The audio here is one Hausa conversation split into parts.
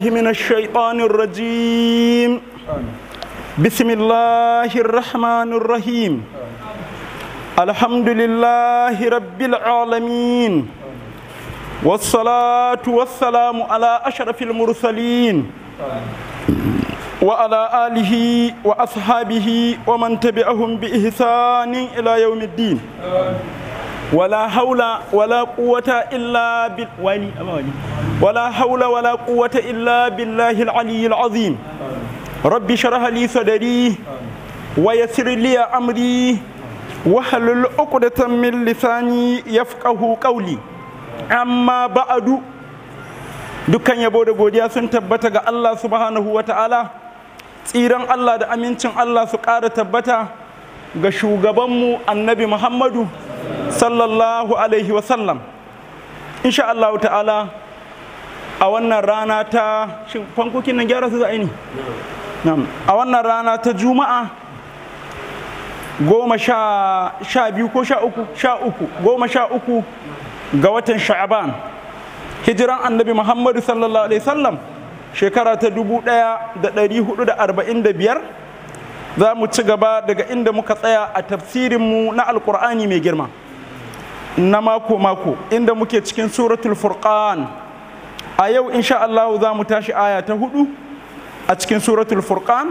من الشيطان الرجيم بسم الله الرحمن الرحيم الحمد لله رب العالمين والصلاة والسلام على أشرف المرسلين وعلى آله وأصحابه ومن تبعهم بإحسان إلى يوم الدين آمين. wala haula wala quwwata illa bil wani al-ali al-azim rabbi shrah li sadri wa yassir li amri wahlul 'uqdatan min lisani yafqahu qawli amma ba'adu dukkan yabo da godiya sun tabbata ga Allah subhanahu wa ta'ala tsiran Allah da amincin Allah su ƙara tabbata ga shugabanmu annabi Muhammadu sallallahu alaihi wasallam insha Allah ta'ala a wannan rana ta fankokin nan gyara su za a yi a wannan rana ta juma'a goma sha, biyu ko sha uku sha uku goma sha uku ga watan sha'aban hijiran annabi muhammadu sallallahu alaihi wasallam shekara ta dubu ɗaya da ɗari hudu da arba'in da biyar za mu ci gaba daga inda muka tsaya a tafsirinmu na alkur'ani mai girma na mako-mako inda muke cikin suratul furqan a yau insha Allah za mu tashi aya ta hudu a cikin suratul furqan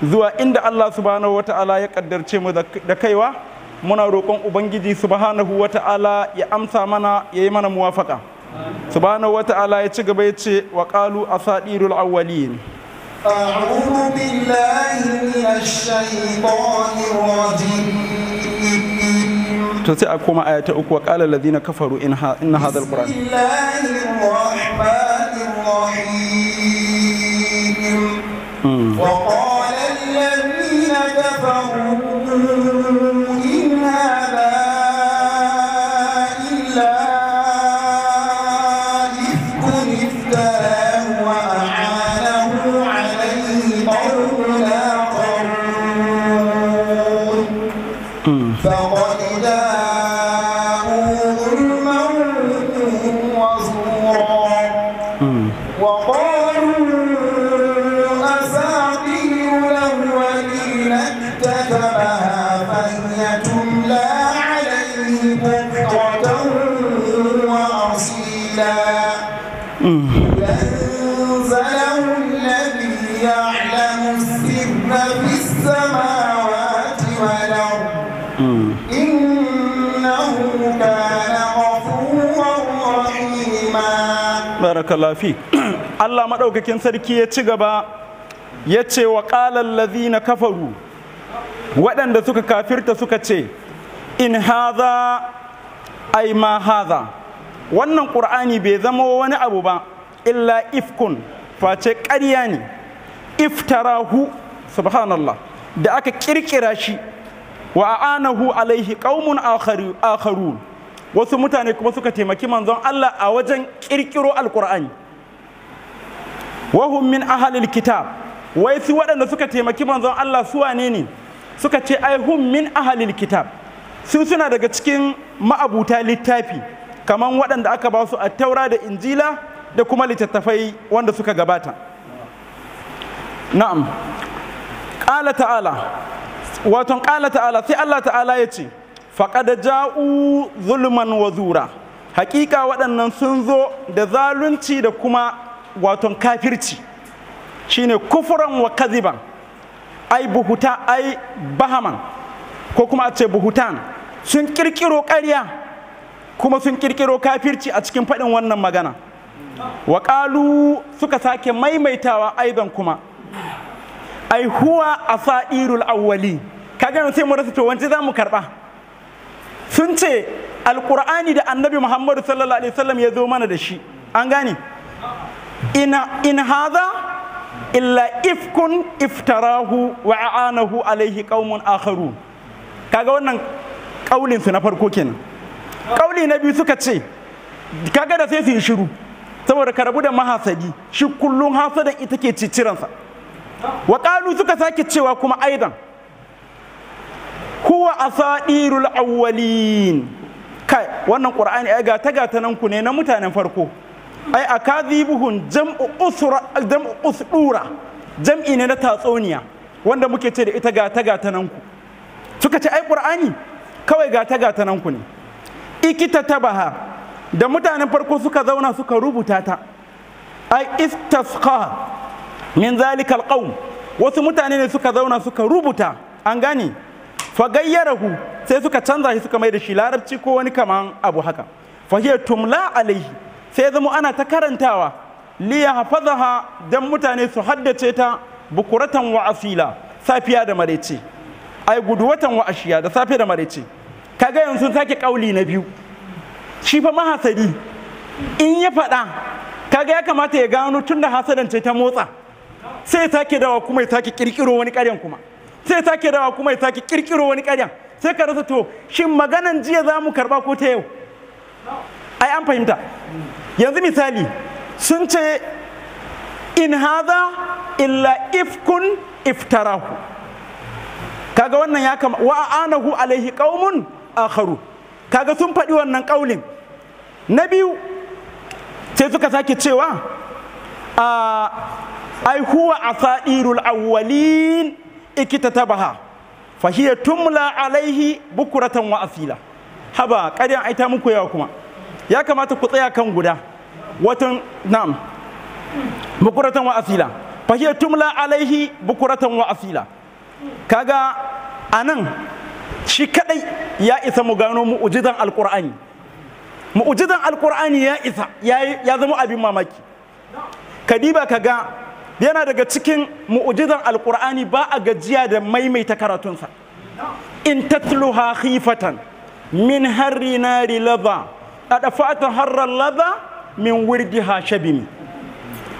zuwa inda Allah subhanahu wata'ala ya kaddarce mu da kaiwa muna roƙon ubangiji subhanahu wata'ala ya amsa mana ya yi mana muwafaka subhanahu wata'ala ya ci gaba ya ce wa qalu asadirul awwalin أعوذ بالله من الشيطان الرجيم to sai a koma aya ta uku wa qala alladhina kafaru in ha inna hadha alquran baraka lafi Allah maɗaukakin sarki ya ci gaba ya ce wa ƙalar na kafaru waɗanda suka kafirta suka ce in haza ai ma haza wannan ƙur'ani bai zama wani abu ba illa ifkun face ƙarya ne iftarahu subhanallah da aka ƙirƙira shi wa a'anahu alaihi ƙaumun akharun wasu mutane kuma suka taimaki manzon Allah a wajen ƙirƙiro alkur'ani wahum min ahalil kitab wai su waɗanda suka taimaki manzon Allah su wane ne suka ce ai hum min ahalil kitab su suna daga cikin ma'abuta littafi kamar waɗanda aka ba su a taura da injila da kuma littattafai wanda suka gabata na'am qala ta'ala waton qala ta'ala sai Allah ta'ala ya ce faƙada ja'u zulman wa zura haƙiƙa waɗannan sun zo da zalunci da kuma waton kafirci shine kufuran wa kaziban ai buhuta ai bahaman ko kuma a ce buhutan sun ƙirƙiro ƙarya kuma sun ƙirƙiro kafirci a cikin faɗin wannan magana wa suka sake maimaitawa aiban kuma ai huwa a sa'irul awwali kaga sai mu rasa to wanci za mu karɓa sun ce alkur'ani da annabi muhammadu sallallahu alaihi wasallam ya zo mana da shi an gane in haza illa ifkun iftarahu wa a'anahu alaihi qaumun akharu kaga wannan kaulin su na farko kenan kauli na biyu suka ce kaga da sai su yi shiru saboda ka rabu da mahasadi shi kullum hasadan ita ke ciciransa wa suka sake cewa kuma aidan huwa asadirul awwalin kai wannan qur'ani ai ga ta nan ku ne na mutanen farko ai akadhibuhun jam'u usra jam'u usdura jam'i ne na tatsoniya wanda muke ce da ita ga ta nan ku suka ce ai qur'ani kawai ga ta nan ku ne ikita tabaha da mutanen farko suka zauna suka rubuta ta ai istasqa min zalikal qaum wasu mutane ne suka zauna suka rubuta an gani. fagayyarahu sai suka canza shi suka mai da shi larabci ko wani kaman abu haka fahiyar tumla alaihi sai zama ana ta karantawa liya zaha don mutane su haddace ta bukuratan wa asila safiya da marece ai guduwatan wa ashiya da safiya da marece kaga yanzu sake kauli na biyu shi fa mahasadi in ya faɗa kaga ya kamata ya gano tun da hasadance ta motsa sai ya sake dawa kuma ya sake kirkiro wani karyan kuma sai take dawa kuma ya take kirkiro wani ƙaryan sai ka rasa to shin maganan jiya za mu karba ko ta yau ai an fahimta yanzu misali sun ce in haza illa ifkun iftarahu kaga wannan ya kama wa anahu alaihi qaumun akharu kaga sun faɗi wannan ƙaulin na biyu sai suka sake cewa ah, ai huwa asadirul awwalin ikitatabaha fa hiya tumla alaihi bukuratan wa afila haba ƙaryan aita muku yawa kuma ya kamata ku tsaya kan guda watan nam bukuratan wa afila fa hiya tumla alaihi bukuratan wa afila kaga anan shi kadai ya isa mu gano mu'jizan alqur'ani mu'jizan alqur'ani ya isa ya zama abin mamaki kadiba kaga yana daga cikin mu'ujizan alkur'ani ba a gajiya da maimaita karatunsa in tatluha khifatan min harri nari laba a dafata harrar laba min wirdiha shabimi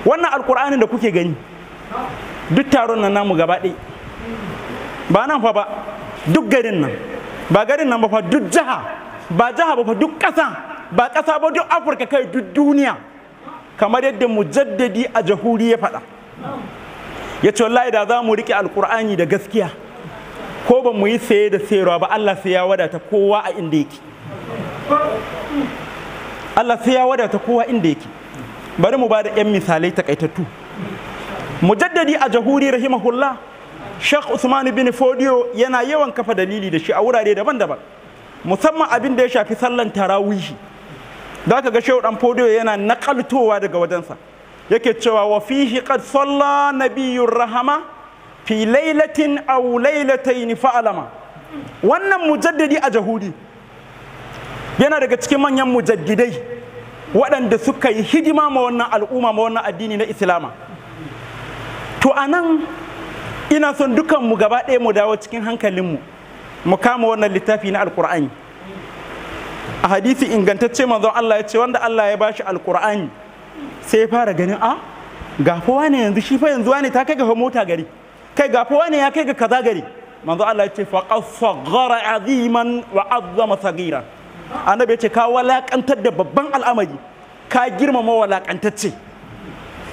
wannan alkur'anin da kuke gani duk taron nan namu gaba ɗaya ba nan fa ba duk garin nan ba garin nan ba fa duk jiha ba jiha ba fa duk ƙasa ba ƙasa ba duk afirka kai duk duniya kamar yadda mujaddadi a jahuri ya faɗa ya ce wallahi da za mu riƙe alƙur'ani da gaskiya ko ba mu yi saye da sayarwa ba Allah sai ya wadata kowa a inda yake Allah sai ya wadata kowa inda yake bari mu ba da 'yan misalai takaitattu mujaddadi a jahuri rahimahullah Sheikh Usman bin Fodio yana yawan kafa dalili da shi a wurare daban-daban musamman abin da ya shafi sallan tarawihi da ka ga Sheikh dan Fodio yana nakaltowa daga wajensa yake cewa wa fihi qad salla biyun rahama fi lailatin aw lailatayn fa'alama wannan mujaddadi a jahudi yana daga cikin manyan mujaddidai waɗanda suka yi hidima ma wannan al'umma ma wannan addini na islama to nan ina son mu gaba ɗaya mu dawo cikin hankalin mu mu kama wannan littafi na alkur'ani a hadisi ingantacce manzon Allah ya ce wanda Allah ya bashi alkur'ani sai ya fara ganin a ah, gafowa ne yanzu shi fa yanzu wane ta kai ga mota gari kai gafowa ne ya kai ga kaza gari manzo Allah ya ce faqad saghara aziman wa azzama sagira annabi ya ce ka walakantar da babban al'amari ka girmama walakantacce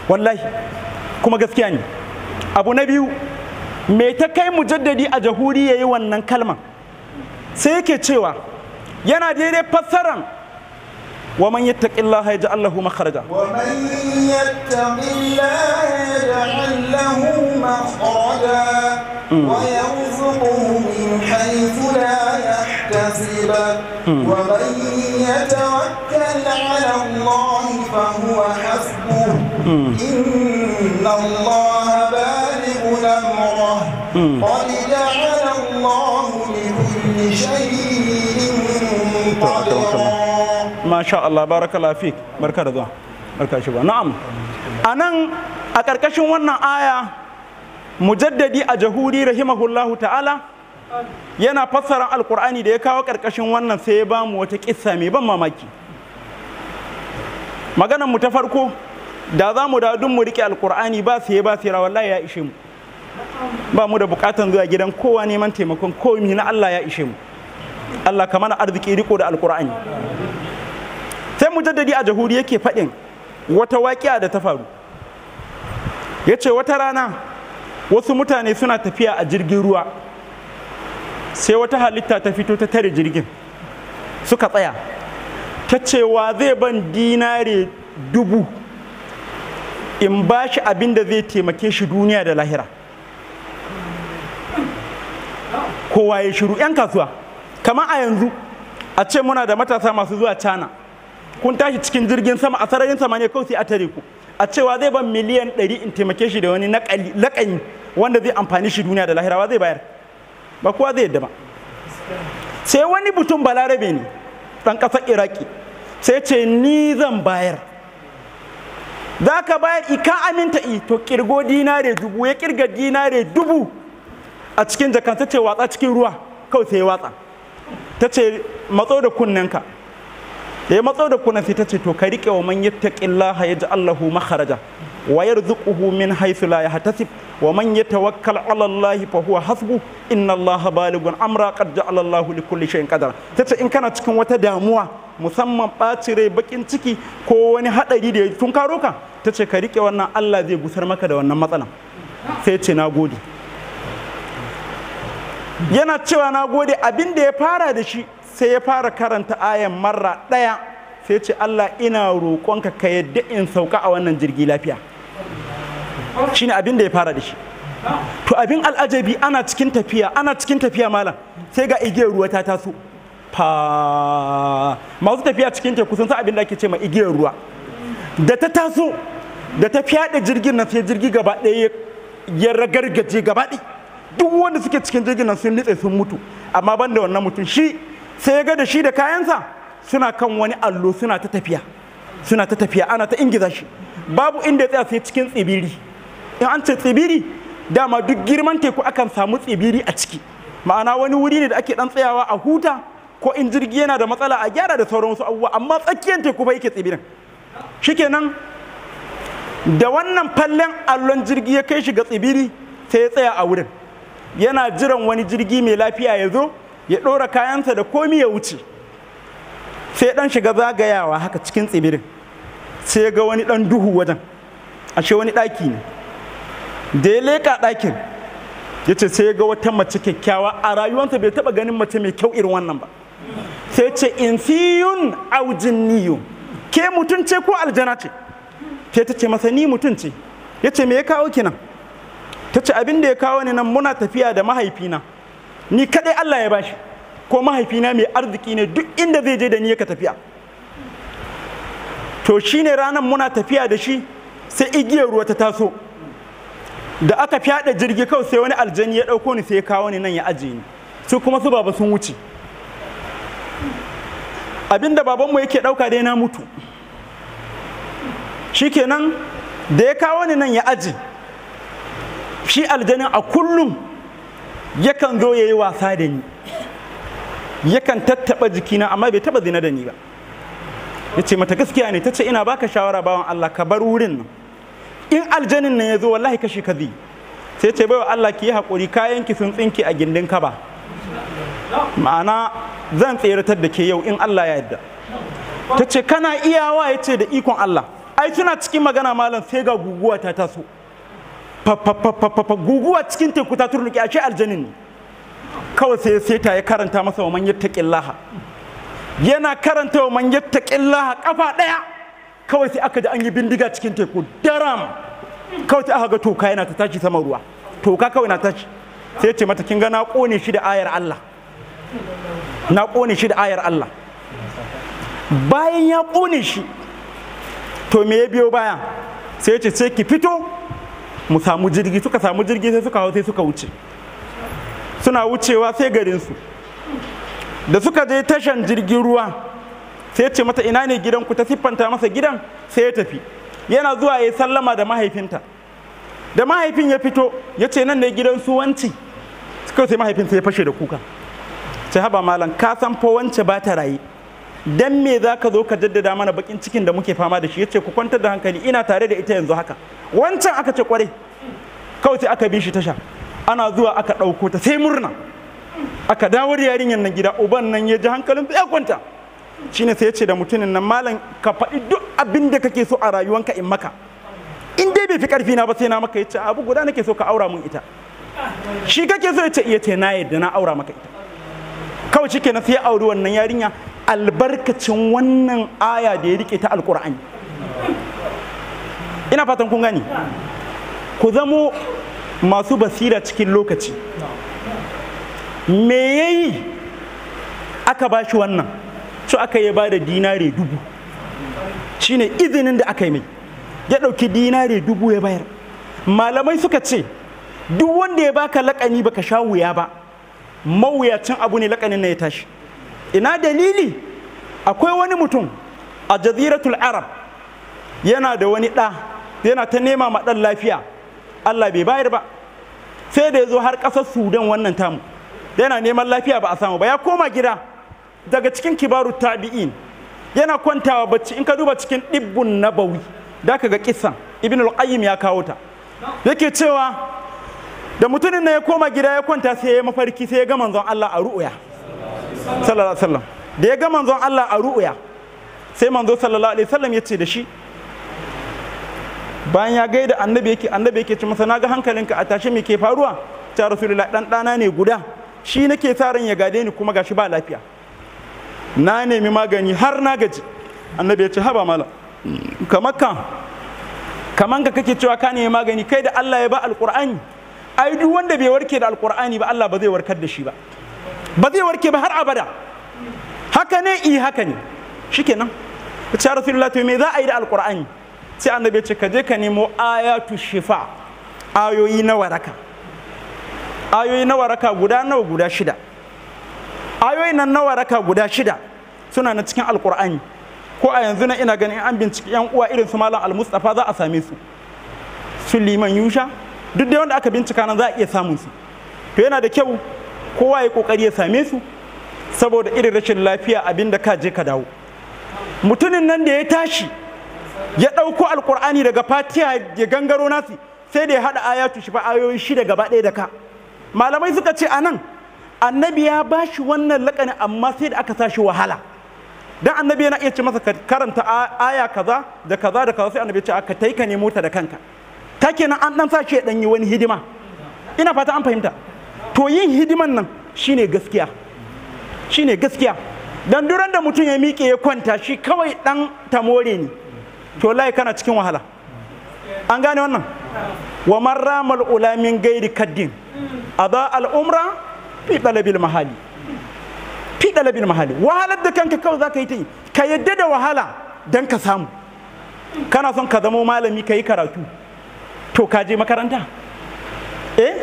wallahi kuma gaskiya ne abu na biyu me ta kai mujaddadi a jahuri yayi wannan kalma sai yake cewa yana daidai fassaran ومن يتق الله يجعل له مخرجا ومن يتق الله يجعل له مخرجا ويرزقه من حيث لا يحتسب ومن يتوكل على الله فهو حسبه إن الله بالغ أمره قد جعل الله لكل شيء قدرا masha Allah baraka barka da zuwa barka shi ba na'am anan a ƙarƙashin wannan aya mujaddadi a jahuri rahimahullahu ta'ala yana fassara alkur'ani da ya kawo karkashin wannan sai ya bamu wata ƙisa mai ban mamaki maganar mu ta farko da za mu dawo mu rike alkur'ani ba sai ya ba sai wallahi ya ishe mu ba mu da buƙatan zuwa gidan kowa neman taimakon komi na Allah ya ishe mu Allah kamar arziki riko da alkur'ani sai mujaddadi a jahuri yake faɗin wata waƙiya da ta faru ya ce wata rana wasu mutane suna tafiya a jirgin ruwa sai wata halitta ta fito ta tare jirgin suka tsaya ta cewa zai ban dinare dubu in ba shi abin da zai taimake shi duniya da lahira kowa ya shiru 'yan kasuwa kama a yanzu a ce muna da matasa masu zuwa cana kun tashi cikin jirgin sama a sararin samaniya kawai sai a tare ku a cewa zai ban miliyan ɗari in taimake shi da wani laƙani wanda zai amfani shi duniya da lahirawa zai bayar ba kowa zai yadda ba sai wani mutum balarabe ne ɗan ƙasar iraki sai ce ni zan bayar za ka bayar ika aminta i to kirgo dinare dubu ya kirga dinare dubu a cikin jakan ta ce watsa cikin ruwa kawai sai watsa ta ce matso da kunnenka da ya matso da kuna sai ta ce to ka rike wa man yattaqillaha yaj'allahu makharaja wa yarzuquhu min haythu la yahtasib wa man yatawakkal 'ala Allahi fa huwa hasbu inna Allaha balighun amra qad ja'ala Allahu li kulli shay'in qadara tace in kana cikin wata damuwa musamman ɓaci rai bakin ciki ko wani hadari da ya karo ka tace ka rike wannan Allah zai gusar maka da wannan matsalan sai ce na gode. yana cewa na gode abin da ya fara da shi sai ya fara karanta ayan marra ɗaya sai ce Allah ina roƙonka ka yadda in sauka a wannan jirgi lafiya ne abin da ya fara da shi to abin al'ajabi ana cikin tafiya ana cikin tafiya malam sai ga igiyar ruwa ta taso fa masu tafiya cikin teku sun san abin da ake ce ma igiyar ruwa da ta taso da ta fyaɗe jirgin nan sai jirgi gaba ɗaya ya ragargaje gaba ɗaya duk wanda suke cikin jirgin nan sun nitse sun mutu amma ban da wannan mutum shi sai ya ga da shi da kayansa suna kan wani allo suna ta tafiya suna ta tafiya ana ta ingiza shi babu inda ya tsaya sai cikin tsibiri in an ce tsibiri dama duk girman teku akan samu tsibiri a ciki ma'ana wani wuri ne da ake dan tsayawa a huta ko in jirgi yana da matsala a gyara da sauran wasu abubuwa amma tsakiyar teku ba yake tsibirin shikenan da wannan fallen allon jirgi ya kai shi ga tsibiri sai ya tsaya a wurin yana jiran wani jirgi mai lafiya ya zo ya ɗora kayansa da komi ya wuce sai ɗan shiga zagayawa haka cikin tsibirin sai ga wani ɗan duhu wajen ashe wani ɗaki ne da ya leƙa ɗakin ya ce sai ga wata mace kyakkyawa a rayuwarsa bai taɓa ganin mace mai kyau irin wannan ba sai ce in aujin niyu ke mutum ce ko aljana ce sai ta ce masa ni mutum ce ya ce me ya kawo ki ta ce abin da ya kawo ni nan muna tafiya da mahaifina ni kadai Allah ya bashi ko mahaifina mai arziki ne duk inda zai je da ni yaka tafiya to shine ranar muna tafiya da shi sai igiyar ruwa ta taso da aka fyaɗe jirgi kawai sai wani aljani ya ɗauko ni sai ya kawo ni nan ya ajiye ni su kuma su baba sun wuce abinda babanmu yake ɗauka dai na mutu shikenan da ya kawo ni nan ya aji shi aljanin a kullum yakan zo ya yi wasa da ni yakan tattaɓa jikina amma bai taɓa zina da ni ba ya ce mata gaskiya ne ta ce ina baka shawara bawan Allah ka bar wurin nan in aljanin nan ya zo wallahi kashi ka zi sai ce baiwa Allah ki yi haƙuri kayan ki sun tsinki a gindin kaba ma'ana zan tseratar da ke yau in Allah ya yadda. ta ce kana iyawa ya ce da ikon Allah ai suna cikin magana malam sai ga guguwa ta taso guguwa cikin teku ta turu a ce aljanin kawai sai seta ya karanta masa wa man laha. yana karanta wa man laha ƙafa ɗaya. kawai sai aka ji an yi bindiga cikin teku daram kawai sai aka ga toka yana ta tashi sama ruwa toka kawai na tashi sai ce mata kin ga na kone shi da ayar Allah na kone shi da ayar Allah bayan ya kone shi to me ya biyo baya sai ce sai ki fito mu samu jirgi suka samu jirgi sai suka hau sai suka wuce suna wucewa sai garinsu da suka je tashan jirgin ruwa sai ce mata ina ne gidanku ta siffanta masa gidan sai ya tafi yana zuwa ya sallama da mahaifinta da mahaifin ya fito ya ce nan ne gidan su wanci suka sai mahaifinsa ya fashe da kuka sai haba malam ka san fa wance ba ta raye dan me za ka zo ka jaddada mana bakin cikin da muke fama da shi yace ku kwantar da hankali ina tare da ita yanzu haka wancan aka ce kwarai kawai sai aka bi shi tasha ana zuwa aka ɗauko ta sai murna aka dawo da yarinyar nan gida uban nan ya ji hankalin ya kwanta shine sai yace da mutumin nan malam ka faɗi duk abin da kake so a rayuwanka in maka in dai bai fi karfi na ba sai na maka yace abu guda nake so ka aura mun ita shi kake so yace iya ce na yadda na aura maka ita kawai shike na sai auri wannan yarinya albarkacin wannan aya da ya rike ta alkur'ani ina fatan kun gani ku zamo masu basira cikin lokaci me ya yi aka ba shi wannan su aka yi ba da dinare dubu shine izinin da aka yi mai ya ɗauki dinare dubu ya bayar malamai suka ce duk wanda ya baka lakani baka sha wuya ba mawuyacin abu ne lakanin na ya tashi ina dalili akwai wani mutum a jaziratul arab yana da wani ɗa yana ta nema maɗan lafiya allah bai bayar ba sai da ya zo har ƙasar sudan wannan tamu yana neman lafiya ba a samu ba ya koma gida daga cikin kibaru tabi'in yana kwantawa bacci in ka duba cikin ɗibbun nabawi da ka ga kisan ibn al-qayyim ya kawo ta yake cewa da mutumin na ya koma gida ya kwanta sai ya mafarki sai ya ga manzon Allah a ru'uya sallallahu wasallam da ya ga manzon Allah a ru'uya sai manzo sallallahu alaihi wasallam ya ce da shi bayan ya gaida annabi yake annabi yake ce masa naga hankalinka a tashi me ke faruwa ta rasulullah dan dana ne guda shi nake sa ran ya gade ni kuma gashi ba lafiya na nemi magani har na gaji annabi ya ce haba mala kamar ka kamar ka kake cewa ka nemi magani kai da Allah ya ba alqur'ani ai duk wanda bai warke da alqur'ani ba Allah ba zai warkar da shi ba ba zai warke ba har abada haka ne i eh, haka ne shikenan ta ce me za a yi da alqur'ani sai annabi ya ce ka je ka nemo ayatu shifa ayoyi na waraka ayoyi na waraka guda nawa guda shida ayoyi nan na waraka guda shida suna na cikin alqur'ani ko a yanzu na ina ganin an binciki yan uwa irin su malam Almustapha za a same su su liman yusha duk da wanda aka bincika nan za a iya samun su to yana da kyau kowa ya kokari ya same su saboda irin rashin lafiya abin da ka je ka dawo mutumin nan da ya tashi ya ɗauko alkur'ani daga fatiha ya gangaro nasi sai da ya haɗa ayatu shi ayoyi shida gaba ɗaya da ka malamai suka ce anan annabi ya ba shi wannan laƙani amma sai da aka sa shi wahala dan annabi yana iya ce masa karanta aya kaza da kaza da kaza sai annabi ce aka taika ne mota da kanka ta kenan an dan sa shi ya ɗan yi wani hidima ina fata an fahimta to yin hidiman nan shine gaskiya shine gaskiya dan duran da mutum ya miƙe ya kwanta shi kawai dan tamore ne to wallahi kana cikin wahala an gane wannan wa rama ula min gairi kaddin ada al'umra fi dalabil mahali fi dalabil mahali wahalar da kanka kawai zaka yi ta yi ka yadda da wahala dan ka samu kana son ka zamo malami ka yi karatu to ka je makaranta eh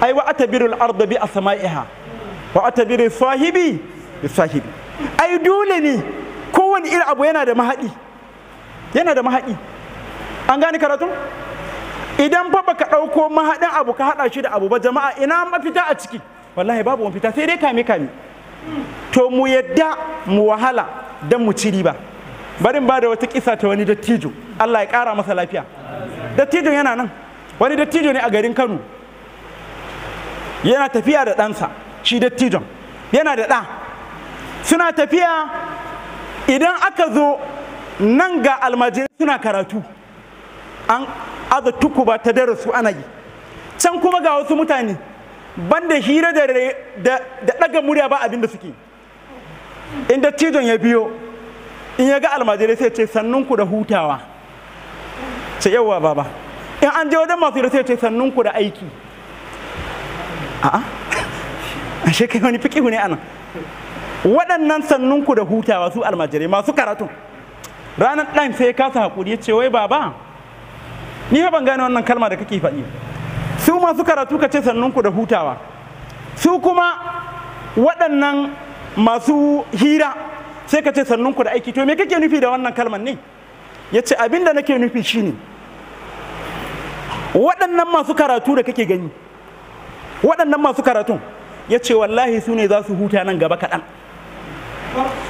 ai wa atabirul arda bi asma'iha wa atabiri sahibi bi sahibi ai dole ne kowane irin abu yana da mahadi yana da mahadi an gane karatu idan fa baka dauko mahadin abu ka hada shi da abu ba jama'a ina mafita a ciki wallahi babu mafita sai dai kame kame to mu yadda mu wahala dan mu ciri ba. barin ba da wata kisa ta wani dattijo Allah ya kara masa lafiya Dattijo yana nan wani dattijo ne a garin Kano yana tafiya da ɗansa shi dattijon yana da ɗa suna tafiya idan aka zo nan ga almajirai suna karatu an aza tukuba ta darasu ana yi can kuma ga wasu mutane banda hira da ɗaga murya ba abinda suke in dattijon ya biyo in ya ga almajirai sai ce sannunku da hutawa ce yawa baba in an je wajen masu hira sai ce sannunku da aiki a'a ashe kai wani fiƙihu ne anan waɗannan sannunku da hutawa su almajirai masu karatu ranar ɗan sai ya kasa haƙuri ya ce wai baba ni ha ban gane wannan kalma da kake faɗi su masu karatu ka ce sannunku da hutawa su kuma waɗannan masu hira sai ka ce sannunku da aiki to me kake nufi da wannan kalman ne ya ce abin da nake nufi shine waɗannan masu karatu da kake gani waɗannan masu karatun ya ce wallahi su ne za su huta nan gaba kaɗan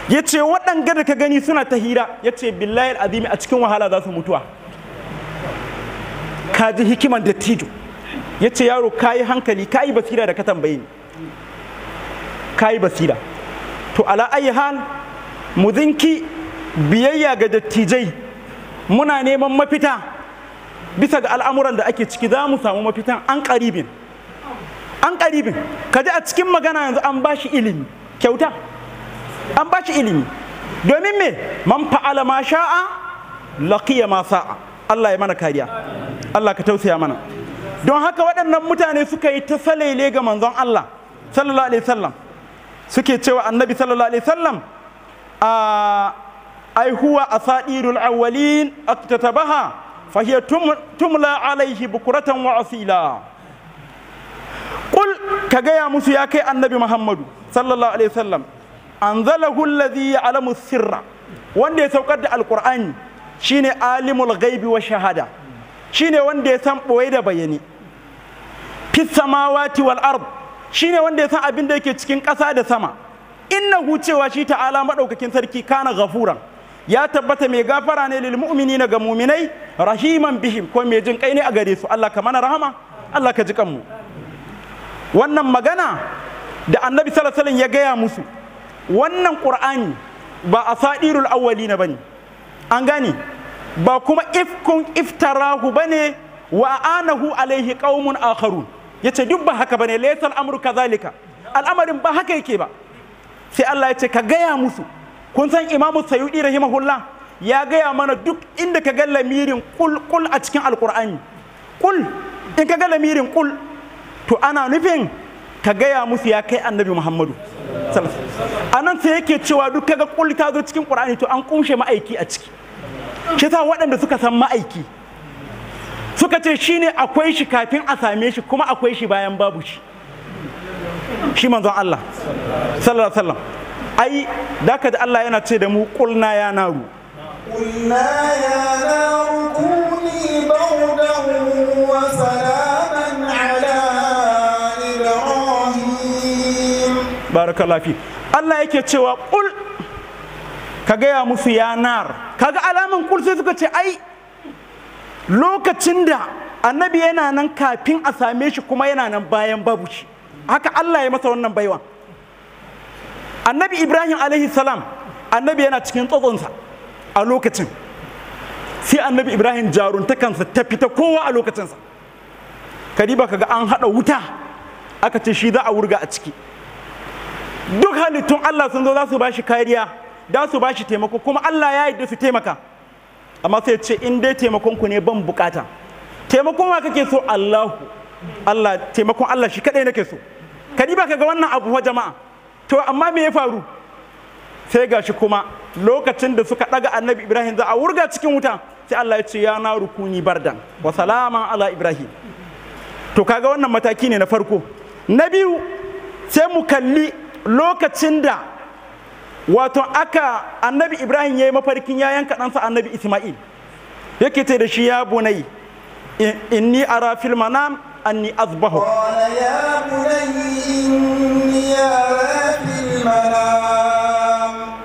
ya ce waɗanga da ka gani suna ta hira ya ce billahi azimi a cikin wahala za su mutuwa ka ji hikiman da tijo ya ce yaro ka yi hankali ka yi basira da ka tambaye ni ka yi basira to ala mu zinki biyayya ga dattijai muna neman mafita bisa ga al'amuran da ake ciki za mu samu mafitan an ƙaribin. an karibin kaji a cikin magana yanzu an ba shi ilimi kyauta an ba shi ilimi domin me man fa'ala ma sha'a laqiya ma sa'a Allah ya mana kariya Allah ka tausaya mana don haka waɗannan mutane suka yi ta salele ga manzon Allah sallallahu alaihi wasallam suke cewa annabi sallallahu alaihi wasallam a ai huwa asadirul awwalin aktatabaha fa hiya tumla alaihi bukuratan wa asila kul ka gaya musu ya kai annabi muhammadu sallallahu alaihi wasallam anzalahu alladhi ya'lamu sirra wanda ya saukar da alqur'ani shine alimul ghaibi wa shahada shine wanda ya san boye da bayani fis samawati wal ard shine wanda ya san abin da yake cikin ƙasa da sama Inna hucewa shi ta'ala madaukakin sarki kana ghafuran ya tabbata mai gafara ne lil mu'minina ga mu'minai rahiman bihi, ko mai jin kai ne a gare su Allah ka mana rahama Allah ka ji kanmu wannan magana da annabi salasalin ya gaya musu wannan ƙur'ani ba a saɗirul awwali na bane an gani ba kuma ifkun iftarahu bane wa anahu alaihi qaumun akharun yace duk ba haka bane laysa al'amru kadhalika al'amarin ba haka yake ba sai Allah ya ce ka gaya musu kun san imamu sayyidi rahimahullah ya gaya mana duk inda ka ga lamirin kul a cikin alqur'ani kul in ka ga lamirin kul to ana nufin ka gaya musu ya kai annabi muhammadu a nan sai yake cewa duk kaga kulli ta zo cikin qur'ani to an kunshe ma'aiki a ciki shi ta waɗanda suka san ma'aiki suka ce shine akwai shi kafin a same shi kuma akwai shi bayan babu shi shi manzon Allah sallallahu alaihi wasallam ai da Allah yana ce da mu kulna ya naru Allah yake cewa ƙul ka gaya musu yanar, ka kaga alamun ƙul sai suka ce ai lokacin da annabi yana nan kafin a same shi kuma yana nan bayan babu shi haka Allah ya masa wannan baiwa annabi Ibrahim alaihi salam annabi yana cikin tsotsonsa a lokacin sai annabi ibrahim jaruntakansa ta fita kowa a lokacinsa kadiba kaga an haɗa wuta aka ce shi za a wurga a ciki duk halittun allah sun zo za su ba shi kariya za su ba shi taimako kuma allah ya yi su taimaka amma sai ce in dai ku ne ban bukata taimakon ma kake so allahu allah taimakon allah shi kaɗai nake so kadiba kaga wannan abu wa jama'a to amma me ya faru sai ga shi kuma lokacin da suka daga annabi ibrahim za a wurga cikin wuta sai allah ya ce ya na rukuni bardan wa salama ala ibrahim to kaga wannan mataki ne na farko na biyu sai mu kalli lokacin da wato aka annabi ibrahim ya yi mafarkin ya yanka ɗansa annabi isma'il yake ce da shi ya bunai inni ara fil manam anni azbahu qala ya bunai inni ara fil manam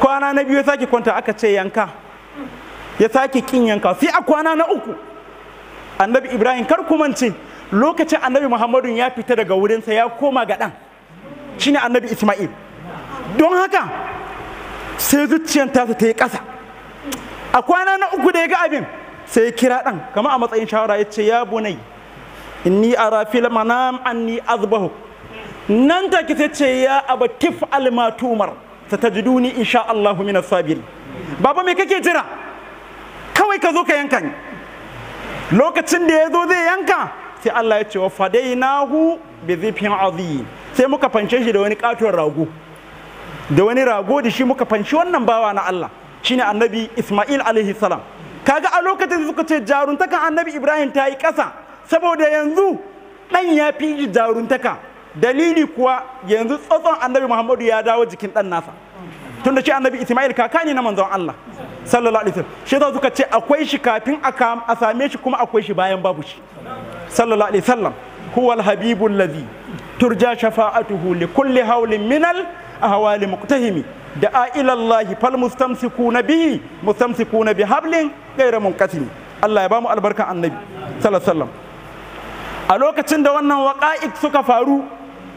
kwana na biyu ya sake kwanta aka ce yanka ya sake kin yanka sai a kwana na uku annabi ibrahim kar kumance lokacin annabi muhammadu ya fita daga wurinsa ya koma ga ɗan shine annabi isma'il don haka sai zuciyar tasa ta yi ƙasa a kwana na uku da ya ga abin sai ya kira ɗan kama a matsayin shawara ya ce ya bunai inni ara fil manam anni azbahu nan take sai ce ya abatif tif almatumar satajiduni insha Allahu min sabiri baba me kake jira kawai ka zo ka yanka ni lokacin da ya zo zai yanka sai Allah ya ce wa fadainahu bi zifin azim sai muka fanshe shi da wani katon rago da wani rago da shi muka fanshi wannan bawa na Allah shine annabi Isma'il alaihi salam kaga a lokacin suka ce jaruntakan annabi Ibrahim ta yi ƙasa saboda yanzu ɗan ya fi jaruntaka dalili kuwa yanzu tsotson annabi muhammadu ya dawo jikin dan nasa tunda shi annabi isma'il kaka ne na manzon Allah sallallahu alaihi wasallam shi za suka ce akwai shi kafin a same shi kuma akwai shi bayan babu shi sallallahu alaihi wasallam huwa al ladhi turja shafa'atuhu li kulli hawlin minal ahwali muqtahimi da ila Allah fal mustamsikuna bihi mustamsikuna bi hablin ghayra munqasim Allah ya bamu albarkan annabi sallallahu alaihi wasallam a lokacin da wannan waqa'iq suka faru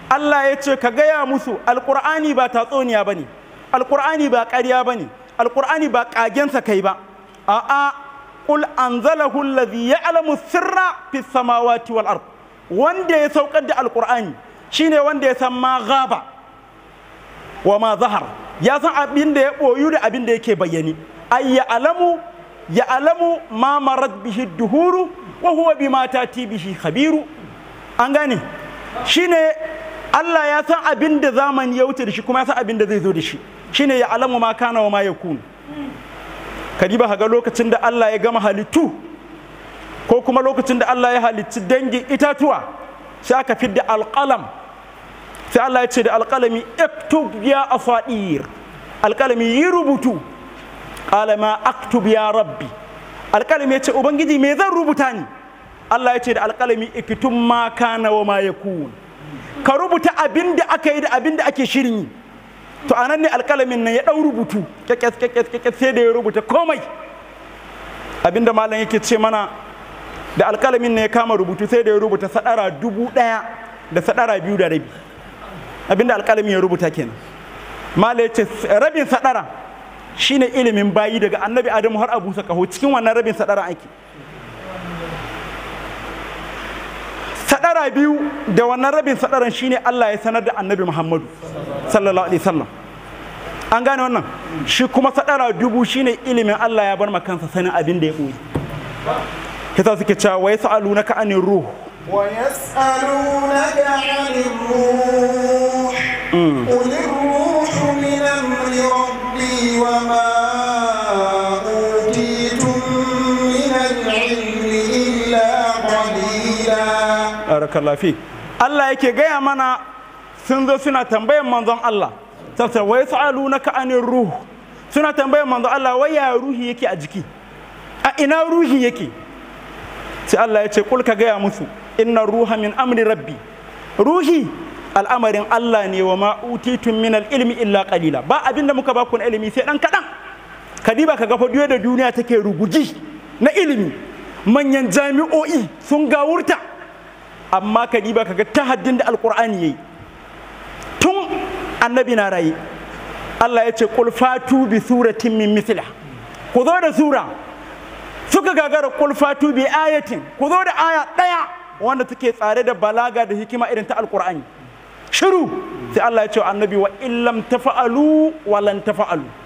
Allah ya ce ka gaya musu alƙur'ani ba tatsuniya ba ne alƙur'ani ba ƙarya ba ne alƙur'ani ba ƙagensa kai ba a'a qul anzalahu allazi ya'lamu sirra fis samawati wal ard wanda ya saukar da Alƙur'ani shine wanda ya san ma ghaba wa ma zahar ya san abin da ya boyu da abin da yake bayyani ay ya'lamu ya'lamu ma marad bihi duhuru wa huwa bima tati bihi khabiru an gane shine Allah ya san abin da zamani ya wuce da shi kuma ya san abin da zai zo da shi shine ya alamu ma kana wa ma yakun kadiba haga lokacin da Allah ya gama halittu ko kuma lokacin da Allah ya halittu dangin itatuwa sai aka fidda alƙalam sai Allah ya ce da alƙalami iktub ya afadir alƙalami yi rubutu alama aktub ya rabbi alƙalami ya ce ubangiji me zan rubuta ni Allah ya ce da alƙalami ikitum ma kana wa ma yakun ka rubuta abin da aka yi da abin da ake shirin yi to a nan ne alƙalamin nan ya ɗau rubutu kyakkyas mana da alƙalamin ya kama rubuta sadara dubu ya rubuta kenan rabin sadara ilimin bayi daga adamu har abu cikin wannan rabin sadara shekara biyu da wannan rabin sadaran shine Allah ya sanar da annabi Muhammadu sallallahu alaihi wasallam an gane wannan shi kuma sadara dubu shine ilimin Allah ya bar makansa sanin abin da ya koyi kisa suke cewa wai yas'alunaka anir ruh wa yas'alunaka anir ruh mm. qul ruhu min amri rabbi wa ma barakallahu Allah yake gaya mana sun zo suna tambayan manzon Allah tsaftar wai su alu na ka'anin ruh suna tambayan manzon Allah wai ya ruhi yake a jiki a ina ruhi yake sai Allah ya ce kul ka gaya musu inna ruha min amri rabbi ruhi al'amarin Allah ne wa ma'utitun min ilmi illa qalila ba abin da muka ba ku na ilimi sai dan kadan kadiba ka ga fadiyo da duniya take ruguji na ilimi manyan jami'o'i sun gawurta amma ka diba ta haddin da alqur'ani yayi tun annabi na rayi Allah ya ce qul fatu bi suratin min mithla ku zo da sura suka gagara qul fatu bi ayatin ku zo da aya daya wanda take tsare da balaga da hikima irin ta alqur'ani shiru sai Allah ya ce annabi wa illam tafa'alu wa lan tafa'alu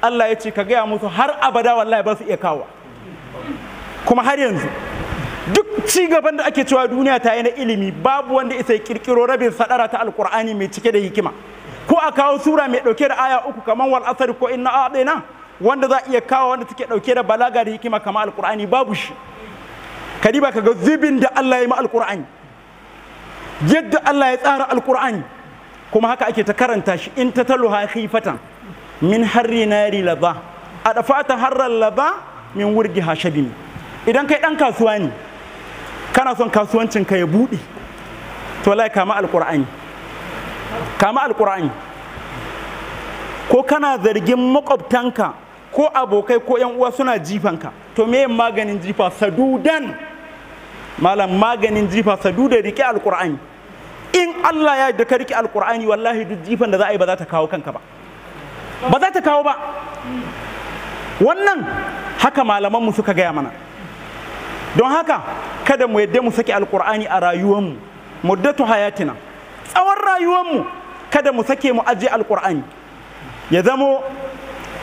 Allah ya ce ka gaya musu har abada wallahi ba su iya kawo kuma har yanzu duk ci gaban da ake cewa duniya ta yi na ilimi babu wanda isa kirkiro rabin sadara ta alkur'ani mai cike da hikima ko a kawo sura mai dauke da aya uku kamar wal asr ko inna a'dina wanda za iya kawo wanda take dauke da balaga da hikima kamar alkur'ani babu shi ka ga zubin da Allah ya yi ma alkur'ani yadda Allah ya tsara alkur'ani kuma haka ake ta karanta shi in ta taluha khifatan min harri nari laba a da dafata harar laba min wurgi hashabin idan kai dan kasuwa ne kana son kasuwancin ka ya buɗe. to lai kama Alƙur'ani, kama Alƙur'ani, ko kana zargin makwabtanka ko abokai ko yan uwa suna jifanka to me maganin jifa sadudan malam maganin jifa sadudan rike Alƙur'ani, in Allah ya yarda ka rike Alƙur'ani wallahi duk jifan da za a yi ba za ta kawo kanka ba ba za ta kawo ba wannan haka malamanmu suka gaya mana don haka kada mu yadda mu sake alkur'ani a rayuwan mu muddatu hayatina tsawon rayuwanmu kada mu sake mu ajiye alkur'ani ya zamo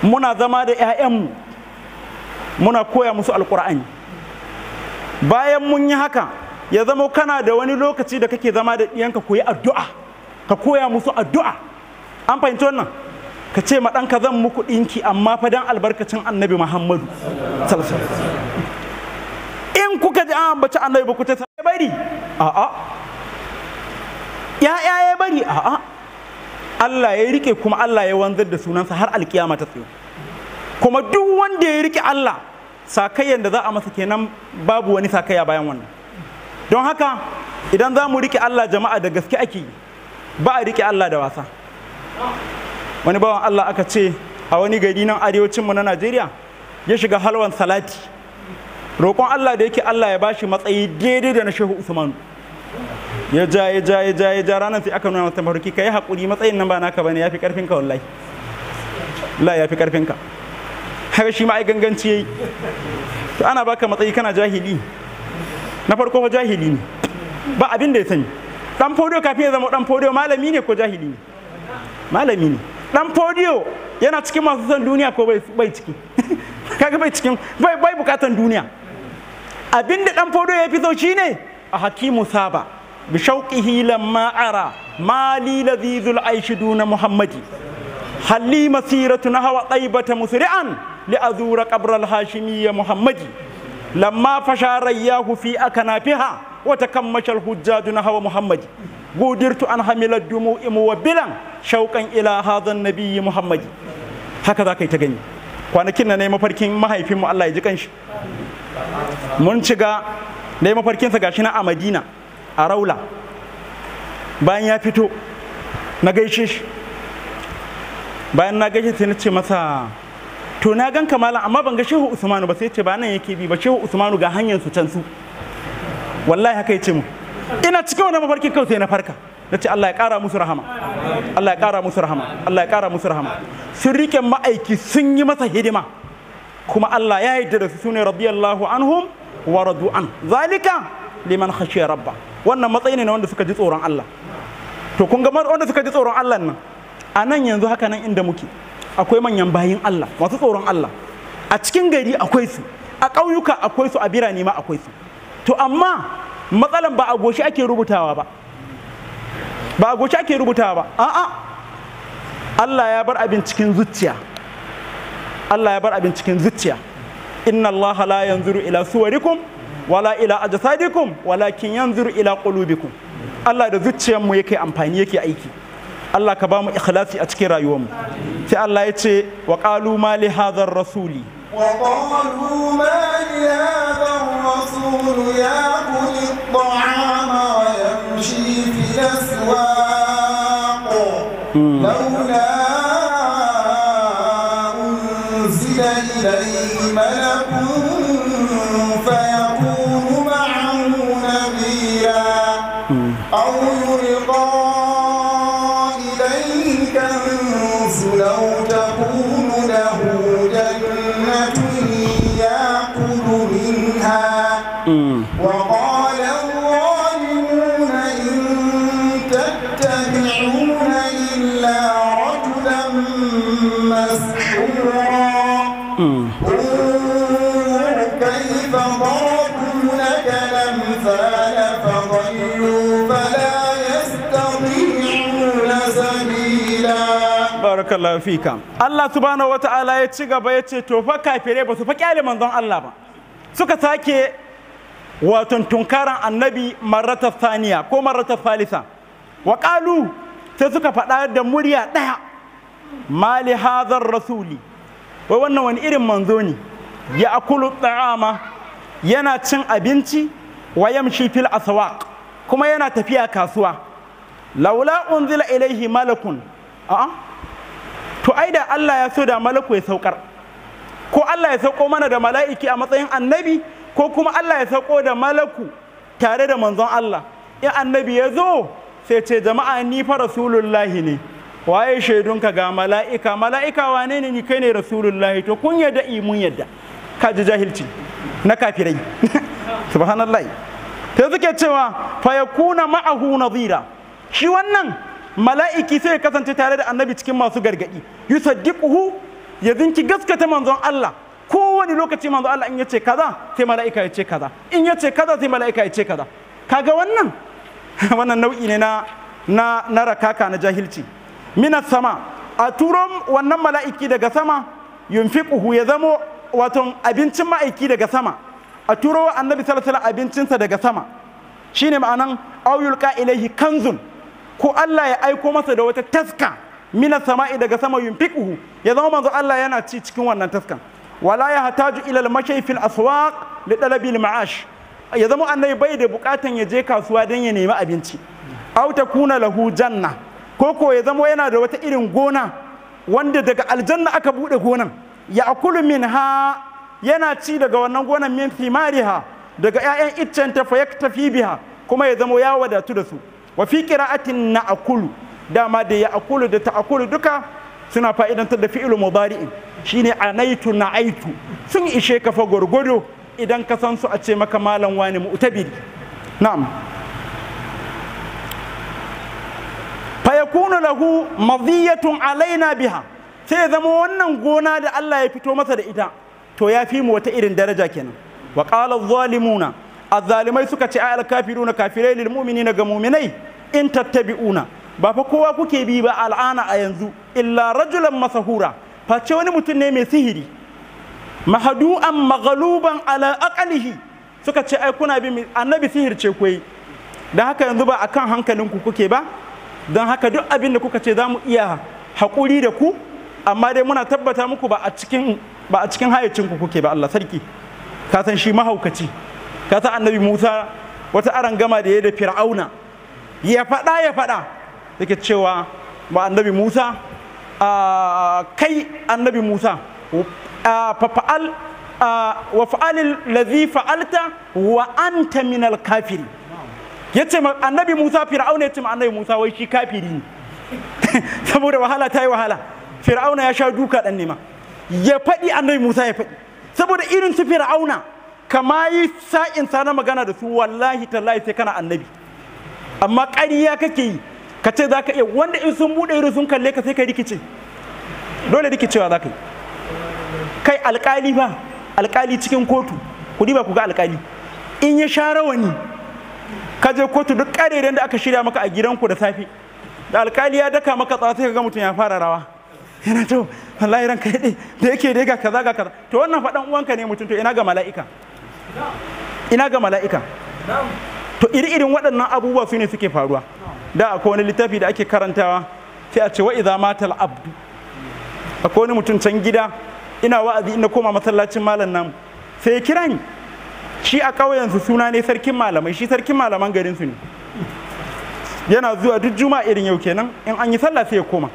muna zama da 'ya'yanmu muna koya musu alkur'ani bayan mun yi haka ya zamo kana da wani lokaci da kake zama da ɗiyanka koyi addu'a ka koya musu addu'a an fahimci wannan ka ce ma ɗanka zan muku ɗinki amma fa dan albarkacin annabi muhammadu in kuka ji an ambaci annabi ba ku ta bari a'a ya'ya ya bari a'a Allah ya rike kuma Allah ya wanzar da sunansa har alkiyama ta tsaye kuma duk wanda ya rike Allah sakayyan da za a masa kenan babu wani sakaya bayan wannan don haka idan za mu rike Allah jama'a da gaske ake yi ba a rike Allah da wasa wani bawan Allah aka ce a wani gari nan arewacinmu na Najeriya ya shiga halwan salati roƙon Allah da yake Allah ya bashi matsayi daidai da na Shehu Usman ya ja ya ja ya ja ya ja ranar sai aka nuna masa mafarki kai hakuri matsayin nan ba naka bane yafi karfin ka wallahi la yafi karfin ka haka shi ma ai ganganci yayi to ana baka matsayi kana jahili na farko fa jahili ne ba abin da ya sani dan fodo kafin ya zama dan fodo malami ne ko jahili ne malami ne dan fodiyo yana cikin masu son duniya ko bai ciki kaga bai cikin bai bukatan duniya abinda dan fodiyo ya fi so shine a hakimu saba bi shauqihi lamma ara mali lazizul aishi duna muhammadi halli masiratu hawa taibata musri'an li azura qabral al hashimiyya muhammadi lamma fasha rayyahu fi akanafiha wa takammashal hujjaduna hawa muhammadi gudirtu an hamilar wa bilan shauƙan ila hadhan nabiyyi muhammadi haka za ka yi ta gani kwanakin na ne mafarkin mahaifinmu Allah ya ji kanshi mun ci ga ne mafarkinsa gashi na a madina a raula bayan ya fito na gaishe shi bayan na gaishe sai na ce masa to na gan kamala amma ban ga shehu usmanu ba sai ce ba nan yake bi ba shehu usmanu ga hanyar su can su wallahi haka ya ce mu ina cikin wani mafarkin kawai sai na farka na ce Allah ya ƙara musu rahama Allah ya ƙara musu rahama Allah ya ƙara musu rahama sun rike ma'aiki sun yi masa hidima kuma Allah ya yarda da su sune radiyallahu anhum wa radu an zalika liman khashiya rabba wannan matsayi ne na wanda suka ji tsoron Allah to kun ga wanda suka ji tsoron Allah nan a nan yanzu haka nan inda muke akwai manyan bayin Allah masu tsoron Allah a cikin gari akwai su a ƙauyuka akwai su a birane ma akwai su to amma matsalan ba a goshi ake rubutawa ba ba a goshi ake rubutawa ba a'a Allah ya bar abin cikin zuciya Allah ya bar abin cikin zuciya inna Allah la yanzuru ila suwarikum wala ila ajsadikum walakin yanzuru ila qulubikum Allah da zuciyar mu yake amfani yake aiki Allah ka ba mu ikhlasi a cikin rayuwar mu sai Allah ya ce wa qalu ma li hadha rasuli وقالوا ما لهذا الرسول يأكل الطعام ويمشي في الأسواق لولا أنزل إليه ملك barakallahu fika Allah subhanahu wata'ala ya ci gaba ya ce to fa kafirai ba su fa kyale manzon Allah ba suka sake wato tunkaran annabi Marata Saniya ko Marata falisa wa qalu sai suka faɗa da murya ɗaya mali hadhar rasuli wai wannan wani irin manzo ne ya akulu ta'ama yana cin abinci wa yamshi fil aswaq kuma yana tafiya kasuwa laula unzila ilaihi malakun a'a to ai da Allah ya so da malaku ya saukar ko Allah ya sauko mana da mala'iki a matsayin annabi ko kuma Allah ya sauko da malaku tare da manzon Allah in annabi ya zo sai ce jama'a ni fa rasulullahi ne waye shaidunka ga mala'ika mala'ika wane ne ni kai ne rasulullahi to kun yadda eh, mun yadda ka ji jahilci na kafirai subhanallahi sai suke cewa fa yakuna ma'ahu nadira shi wannan mala'iki sai ya kasance tare da annabi cikin masu gargadi yusaddiquhu ya zinki gaskata manzon Allah kowane lokaci manzon Allah in ya ce kaza sai mala'ika ya ce kaza in ya ce kaza sai mala'ika ya ce kaza kaga wannan wannan nau'i ne na na na rakaka na jahilci minas sama a turo wannan mala'iki daga sama yunfiquhu ya zamo wato abincin ma'aiki daga sama a turo annabi sallallahu alaihi abincinsa daga sama shine ma'anan auyulka ilaihi kanzun ko Allah ya aiko masa da wata taska mina sama'i daga sama fiƙuhu ya zama manzo Allah yana ci cikin wannan taskan wala ya hataju ila al Aswak fil aswaq li talabi al-ma'ash ya zama annabi bai da bukatan ya je kasuwa dan ya nemi abinci aw takuna lahu janna ko ko ya zama yana da wata irin gona wanda daga aljanna aka bude gonan ya akulu minha yana ci daga wannan gonan min Mariha daga 'ya'yan iccen ta fa yaktafi biha kuma ya zama ya wadatu da su wa fi qira'atin na'kulu dama da ya akulu da ta akulu duka suna fa'idantar da fi'lu mudari'in shine anaitu na'aitu sun ishe ka fa gwargwado idan ka san su a ce maka malam wani mu'tabiri na'am fa yakunu lahu madiyatun alaina biha sai zama wannan gona da Allah ya fito masa da ita to ya fi mu wata irin daraja kenan wa qala adh-dhalimuna adh suka ce ay al-kafiruna kafirai lil mu'minina ga mu'minai in tattabi'una ba fa kowa kuke bi ba al'ana a yanzu illa rajulan masahura face wani mutum ne mai sihiri mahadu'an maghaluban ala aqalihi suka ce ai kuna bi annabi sihir ce ku yi haka yanzu ba akan hankalinku kuke ba don haka duk abin da kuka ce za mu iya haƙuri da ku amma dai muna tabbata muku ba a cikin ba a cikin hayacinku kuke ba Allah sarki ka san shi mahaukaci ka san annabi Musa wata gama da ya da Fir'auna ya faɗa ya faɗa yake cewa ba annabi musa kai annabi musa wa fa'alin lazi fa'alta wa anta min kafiri ce ma annabi Musa Fir'auna ce ma annabi Musa wai shi kafiri ne saboda wahala ta yi wahala Fir'auna ya sha duka dan nema ya faɗi annabi Musa ya faɗi saboda irin su Fir'auna kama yi sa'in sa magana da su wallahi tallahi sai kana annabi amma ƙarya kake yi ka ce za ka iya wanda in sun buɗe ido sun kalle ka sai ka rikice dole rikicewa za ka yi kai alƙali ba alƙali cikin kotu ku ba ku ga alƙali in ya share rawani ka je kotu duk ƙareren da aka shirya maka a gidanku da safe da alƙali ya daka maka tsatsi ka ga mutum ya fara rawa yana to wallahi ranka yade da yake dai ga kaza ga kaza to wannan faɗan uwanka ne mutum to ina ga mala'ika ina ga mala'ika to iri-irin waɗannan abubuwa su ne suke faruwa da akwai wani littafi da ake karantawa sai a ce wa iza matal abdu akwai wani mutum can gida ina wa'azi ina koma masallacin malam nan sai ya kira ni shi a ƙauyen su suna ne sarkin malamai shi sarkin malaman garin su ne yana zuwa duk juma'a irin yau kenan in an yi sallah sai ya koma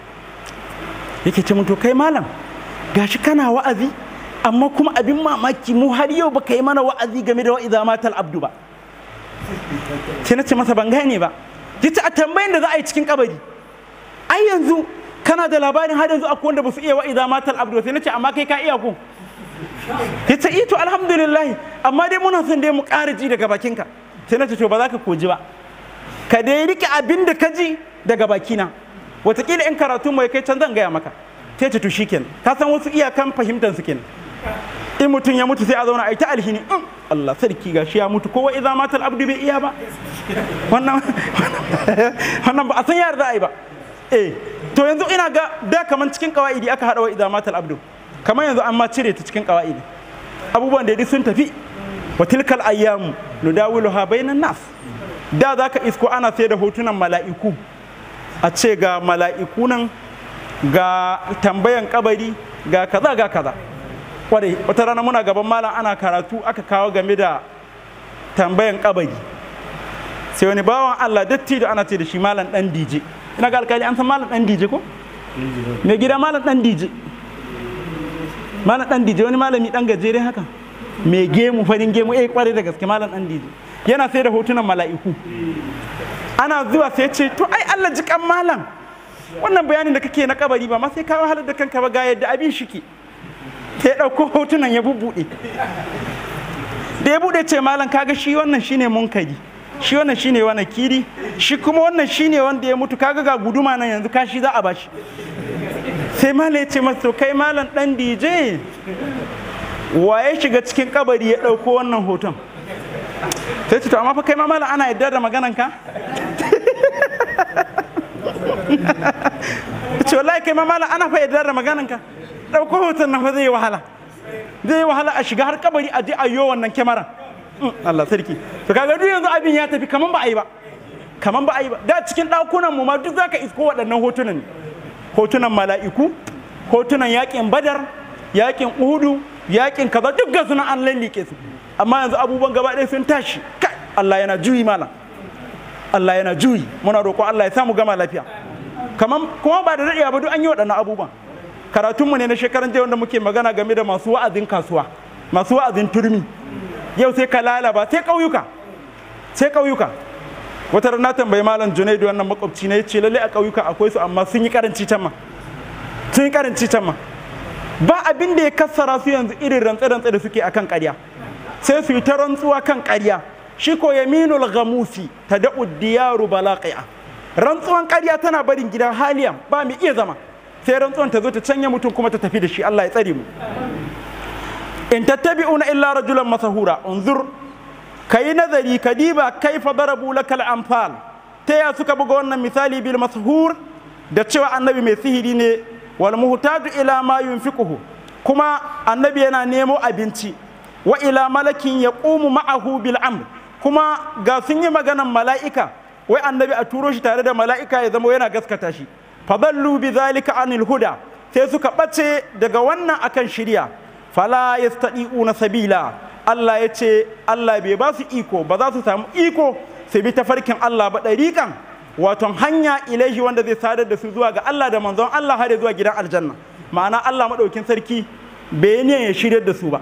yake ce mutu kai malam gashi kana wa'azi amma kuma abin mamaki mu har yau baka yi mana wa'azi game da wa'iza matal abdu ba sai na ce masa ban gane ba ya ce a tambayin da za a yi cikin kabari ai yanzu kana da labarin har yanzu akwai wanda ba su iya wa idza matal abdu sai na ce amma kai ka iya ko ya ce ito eh alhamdulillah amma dai muna son dai mu ƙara ji daga bakinka sai na ce to ba za ka koji ba ka dai rike abin da ka ji daga bakina wataƙila in karatu mai kai can zan gaya maka sai ce to shikenan ka san wasu iyakan fahimtar su kenan in mutum ya mutu sai a zauna a yi ta alhini mm, Allah sarki ga shi ya mutu kowa idza matal abdu bai iya ba wannan ba a san yarda ai ba eh to yanzu ina ga da kaman cikin kawaidi aka hada wa idza abdu kamar yanzu an ma cire ta cikin kawaidi abubuwan da ya sun tafi wa tilkal ayyamu nudawiluha bainan nas da zaka isko ana sai da hotunan mala'iku a ce ga mala'iku nan ga tambayan kabari ga kaza ga kaza kwarai wata rana muna gaban malam ana karatu aka kawo game da tambayan kabari sai wani bawan Allah datti da ana ce da shi malam dan dije ina ga alkali an san malam dan dije ko mai gida malam dan dije malam dan dije wani malami dan gajere haka mai gemu farin gemu eh kwarai da gaske malam dan dije yana sai da hotunan mala'iku ana zuwa sai ce to ai Allah jikan malam wannan bayanin da kake na kabari ba ma sai kawo halar da kanka ba ga yadda abin shike ya ɗauko hotunan ya bubbuɗe da ya buɗe ce malam kaga shi wannan shine munkari shi wannan shine wani kiri shi kuma wannan shine wanda ya mutu kaga ga guduma nan yanzu kashi za a bashi sai malam ya ce masa kai malam ɗan DJ wa ya shiga cikin kabari ya ɗauko wannan hoton sai ce to amma fa kai ma malam ana yadda da maganan ka ce wallahi kai ma malam ana fa yadda da maganan ka ɗauko hoton na fa zai wahala zai wahala a shiga har kabari a je a yi wannan kyamara mm, Allah sarki to kaga duk yanzu abin ya tafi kaman ba a yi ba kaman ba a yi ba da cikin ɗakunan mu ma duk zaka isko waɗannan hotunan hotunan mala'iku hotunan yakin badar yakin uhudu yakin kaza duk ga suna an lallike su amma yanzu abubuwan gaba ɗaya sun tashi kai Allah yana juyi malam Allah yana juyi muna roƙon Allah ya samu gama lafiya kaman kuma ba da daɗewa ba duk an yi waɗannan abubuwan karatunmu ne na shekaran jiya wanda muke magana game da masu wa'azin kasuwa masu wa'azin turmi yau sai ka lalaba sai ƙauyuka sai ƙauyuka wata rana tambayi malam junaidu wannan makwabci ne ya ce lalle a ƙauyuka akwai su amma sun yi karanci can ma sun yi karanci can ba abin da ya kassara su yanzu irin rantse da suke akan ƙarya sai su yi ta rantsuwa kan ƙarya shi ko yaminul ghamusi tada'u diyaru balaqi'a rantsuwan ƙarya tana barin gidan haliyan ba mu iya zama sai rantsuwan ta zo ta canya mutum kuma ta tafi da shi Allah ya tsare mu in tattabi'una illa rajulan masahura unzur kayi nazari ka diba kaifa darabu lakal amfal ta ya suka buga wannan misali bil masahur da cewa annabi mai sihiri ne wal muhtaju ila ma yunfiquhu kuma annabi yana nemo abinci wa ila malakin yaqumu ma'ahu bil amr kuma ga sun yi maganan mala'ika wai annabi a turo shi tare da mala'ika ya zama yana gaskata shi fadallu bi zalika anil huda sai suka bace daga wannan akan shirya fala yastadi'una sabila Allah ya ce Allah bai ba su iko ba za su samu iko su bi tafarkin Allah ba dariƙan wato hanya ilaihi wanda zai sadar da su zuwa ga Allah da manzon Allah har zuwa gidan aljanna ma'ana Allah maɗaukin sarki bai ne ya shiryar da su ba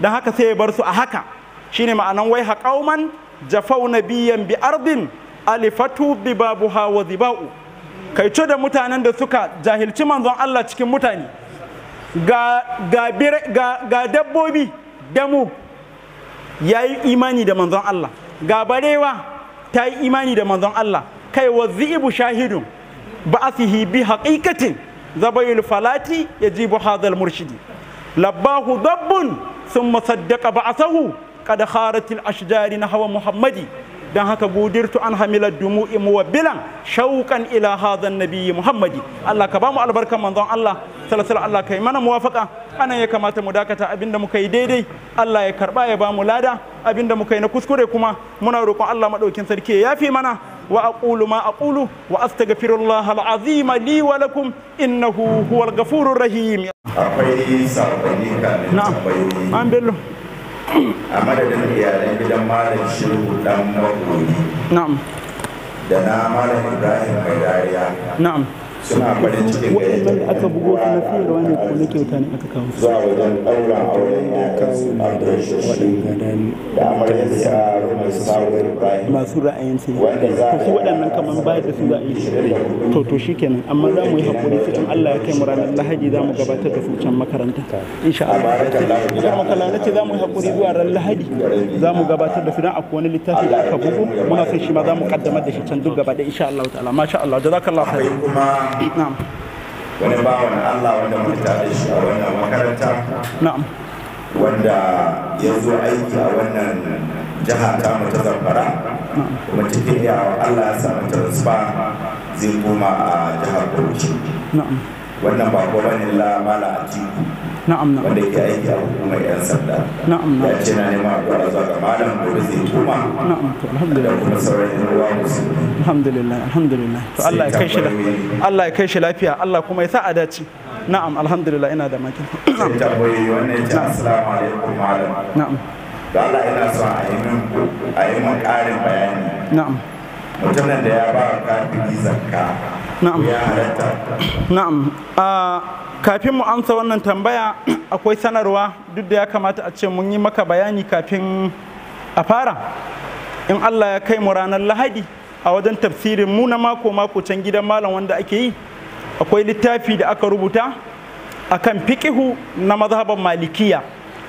dan haka sai ya bar su a haka shine ma'anan wai haƙauman jafau nabiyan bi ardin alifatu bi babuha wa ziba'u kaico da mutanen da suka jahilci manzon Allah cikin mutane ga, dabbobi damu ya yi imani da manzon Allah ga barewa ta yi imani da manzon Allah kai wa zibu shahidun ba bi haƙiƙatin zabayul falati ya ji hazal murshidi labbahu dabbun sun masaddaka ba'asahu kada kharatil ashjari na hawa muhammadi Dan haka budirtu an hamilar dumu'i muwabbilan shauƙan ila hadhan nabiyyi muhammadi Allah ka bamu albarkan manzon Allah sallallahu Allah kai mana muwafaka anan ya kamata mu dakata abinda muka yi daidai Allah ya karba ya bamu lada abinda muka yi na kuskure kuma muna roƙon Allah madaukin sarki ya yafi mana wa aqulu ma aqulu wa astaghfirullah alazim li wa lakum innahu huwal ghafurur rahim akwai na'am an a madadin iyalan gidan malam shiru dan magoyi na'am da na malam ibrahim mai dariya na'am suna farin cikin da yadda aka bugo su na fiyarwa ne ko na kyauta ne aka kawo zuwa wajen ɗaura auren ya kawo na da amaryarsa masu sawar ibrahim masu ra'ayin su ne su waɗannan kamar bayar da su ra'ayin su to to shi kenan amma za mu yi haƙuri sai allah ya kai mu ranar lahadi za mu gabatar da su can makaranta insha allah ya makala na ce za mu yi haƙuri zuwa ran lahadi za mu gabatar da su don akwai wani littafi da aka bugu muna son shi ma za mu kaddamar da shi can duk gaba da insha allah ta'ala masha allah jazakallahu khairan na'am wani bawan Allah wanda muka tare shi a wannan makaranta wanda ya zo aiki a wannan jiha ta mata ta zamfara kuma cikin yawa Allah ya samu transfer zai koma a jihar Bauchi wannan ba ko bane la mala tiku. na'am na'am wanda ya yi a hukumar yan sanda na'am na'am ya ce na neman addu'a zuwa ga malam gobe zai tuma na'am to alhamdulillah kuma sauran yan uwa alhamdulillah alhamdulillah to Allah ya kai shi Allah ya kai shi lafiya Allah kuma ya sa a dace na'am alhamdulillah ina da makin sai tambayoyi wannan ya ce assalamu alaikum malam na'am da Allah ina so a yi min a yi min ƙarin bayani na'am mutumin da ya ba ka kafin zakka na'am ya halatta na'am ah, kafin mu amsa wannan tambaya akwai sanarwa duk da ya kamata a ce mun yi maka bayani kafin a fara in Allah ya kai mu ranar lahadi a wajen tafsirin mu na mako mako can gidan malam wanda ake yi akwai littafi da aka rubuta a kan fiƙihu na mazhaban malikiya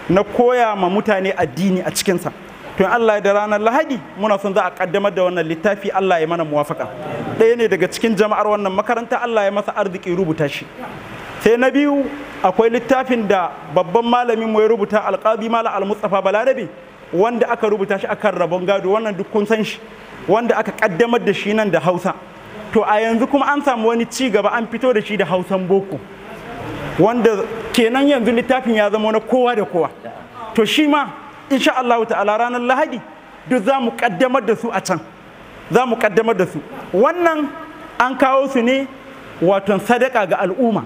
na koya ma mutane addini a cikinsa to Allah da ranar lahadi muna son za a kaddamar da wannan littafi Allah ya mana muwafaka ɗaya ne daga cikin jama'ar wannan makaranta Allah ya masa arziki rubuta shi sai na biyu akwai littafin da babban malamin mu ya rubuta alƙabi mala al-mustafa balarabi wanda aka rubuta shi akan rabon gado wannan duk kun san shi wanda aka kaddamar da shi nan da hausa to a yanzu kuma an samu wani ci gaba an fito da shi da hausan boko wanda kenan yanzu littafin ya zama na kowa da kowa to shi ma insha Allah ta'ala ranar lahadi duk za mu kaddamar da su a can za mu kaddamar da su wannan an kawo su ne waton sadaka ga al'umma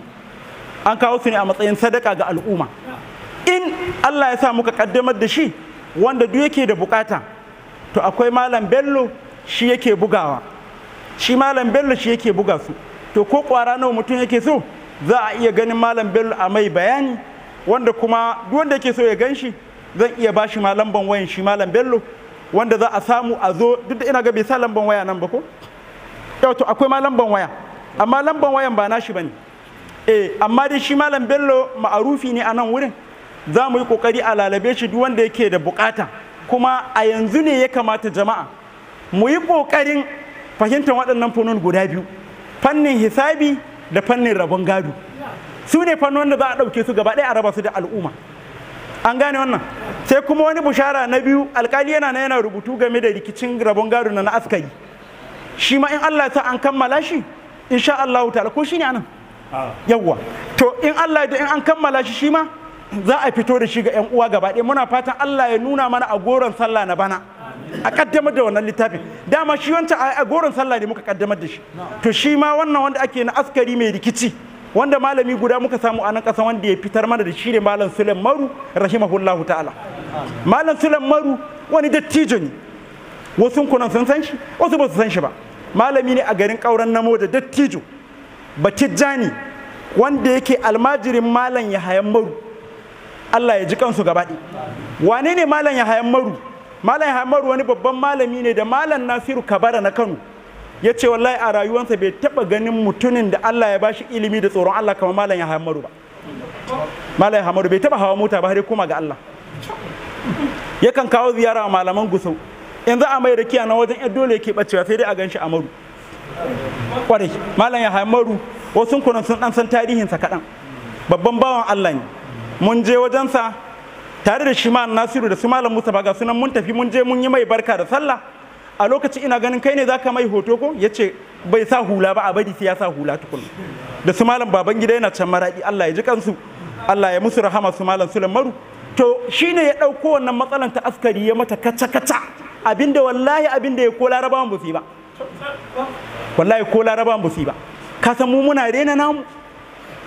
an kawo su ne a matsayin sadaka ga al'umma in Allah ya sa muka kaddamar da shi wanda duk yake da bukata to akwai malam bello shi yake bugawa shi malam bello shi yake buga su to ko kwara nawa mutum yake so za a iya ganin malam bello a mai bayani wanda kuma duk wanda yake so ya gan shi zan iya ba shi malam ban wayan shi malam bello wanda za a samu a zo duk da ina ga bai sa lamban waya nan ba ko yau to akwai malam ban waya amma lamban wayan ba nashi bane eh amma dai shi malam bello ma'arufi ne a nan wurin za mu yi kokari a lalabe shi duk wanda yake da bukata kuma a yanzu ne ya kamata jama'a mu yi kokarin fahimtar waɗannan fannin guda biyu fannin hisabi da fannin rabon gado su ne fannin da za a ɗauke su gaba ɗaya a raba su da al'umma an gane wannan sai kuma wani bushara na biyu alkali yana na yana rubutu game da rikicin rabon gado na askari shi ma in Allah ta an kammala shi insha Allah ta'ala ko ne anan yawwa to in Allah ya in an kammala shi shi ma za a fito da shi ga yan uwa gaba muna fatan Allah ya nuna mana a goron sallah na bana a kaddamar da wannan littafin dama shi wancan a goron sallah ne muka kaddamar da shi to shi ma wannan wanda ake na askari mai rikici wanda malami guda muka samu a nan ƙasa wanda ya fitar mana da shi ne malam Sulaiman Maru rahimahullahu ta'ala malam Sulaiman Maru wani dattijo ne wasu kunan sun san shi wasu ba su san shi ba malami ne a garin ƙauren namo da dattijo batijjani wanda yake almajirin malam yahayan maru Allah ya ji kansu gabaɗi wane ne malam yahayan maru malam yahayan maru wani babban malami ne da malam nasiru kabara na kano ya ce wallahi a rayuwarsa bai taɓa ganin mutumin da Allah ya bashi ilimi da tsoron Allah kamar malam yahayan maru ba malam yahayan maru bai taɓa hawa mota ba har kuma ga Allah yakan kawo ziyara malaman gusau yanzu a mai rakiya na wajen yan dole yake bacewa sai dai a gan shi a maru kwarai malam ya hamaru wasu kunan sun dan san tarihinsa kaɗan babban bawan allah ne mun je wajensa tare da shi malam nasiru da su malam musa ba ga sunan mun tafi mun je mun yi mai barka da sallah a lokaci ina ganin kai ne za ka mai hoto ko ya ce bai sa hula ba a bari sai ya sa hula tukun da su malam baban gida yana can maraɗi allah ya ji kansu allah ya musu rahama su malam sulan maru to shine ya ɗauko wannan matsalan ta askari ya mata kaca kaca abinda wallahi abinda ya ko larabawan ba su ba wallahi ko laraba ba fi ba ka san mu muna rena namu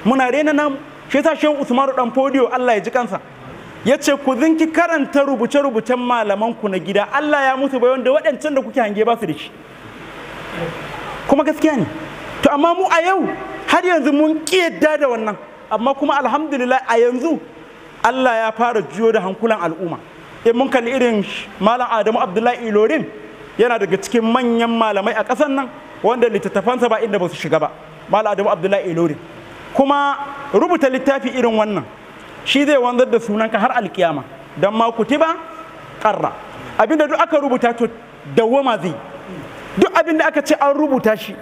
muna rena namu shi yasa shehu usmanu dan fodiyo Allah ya ji kansa ya ce ku zinki karanta rubuce-rubucen malaman ku na gida Allah ya musu bai wanda waɗancan da kuke hange ba su da shi kuma gaskiya ne to amma mu a yau har yanzu mun yadda da wannan amma kuma alhamdulillah a yanzu Allah ya fara juyo da hankulan al'umma in mun kalli irin malam Adamu Abdullahi Ilorin yana daga cikin manyan malamai a ƙasar nan wanda littattafansa ba inda ba su shiga ba mala adamu abdullahi ilori kuma rubuta littafi irin wannan shi zai wanzar da sunanka har alkiyama don ma kutiba karra abinda duk aka rubuta to dawwama zai duk abinda aka ce an rubuta shi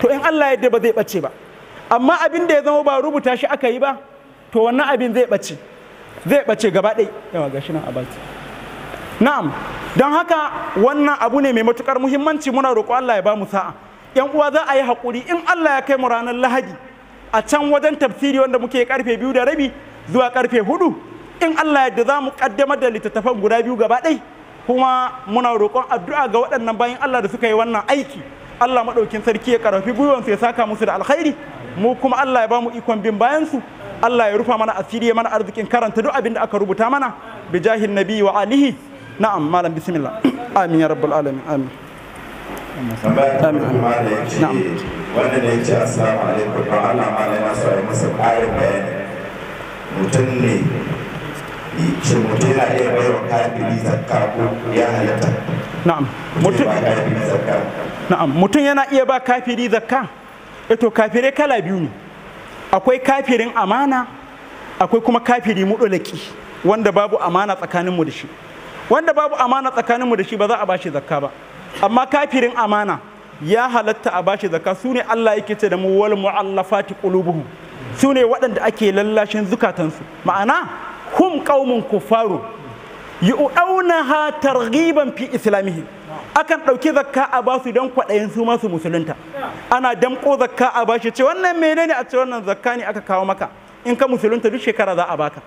to in Allah yadda ba zai bace ba amma abinda ya zama ba rubuta shi aka yi ba to wannan abin zai bace zai bace gaba ɗai yawa gashi nan a na'am don haka wannan abu ne mai matukar muhimmanci muna roƙo Allah ya ba mu sa'a yan uwa za a yi hakuri in Allah ya kai mu ranar Lahadi a can wajen tafsiri wanda muke karfe biyu da rabi zuwa karfe hudu in Allah ya za mu kaddamar da littattafan guda biyu gaba ɗai kuma muna roƙon addu'a ga waɗannan bayan Allah da suka yi wannan aiki Allah maɗaukin sarki ya gwiwan su ya saka musu da alkhairi mu kuma Allah ya ba mu ikon bin bayan su Allah ya rufa mana asiri ya mana arzikin karanta duk abin da aka rubuta mana bi jahil nabi wa alihi na'am malam bismillah amin ya rabbal alamin amin amin na'am wanda ne ce assalamu alaikum don Allah ma yana so masa ƙarin bayani mutum ne mutum yana iya bai wa kafiri zakka ko ya halatta na'am mutum na'am mutum yana iya ba kafiri zakka eto eh kafirai kala biyu ne akwai kafirin amana akwai kuma kafiri mudulaki wanda babu amana tsakaninmu da shi wanda babu amana tsakaninmu da shi ba za a bashi zakka ba amma kafirin amana ya halatta a bashi zakka su ne Allah yake ce da mu wal mu'allafati qulubuhum su ne waɗanda ake lallashin zukatansu ma'ana hum qaumun kufaru yu'aunaha targhiban fi islamihim akan ɗauki zakka a basu don kwaɗayin su masu musulunta ana damƙo zakka a bashi ce wannan menene a ce wannan zakka ne aka kawo maka in ka musulunta duk shekara za a baka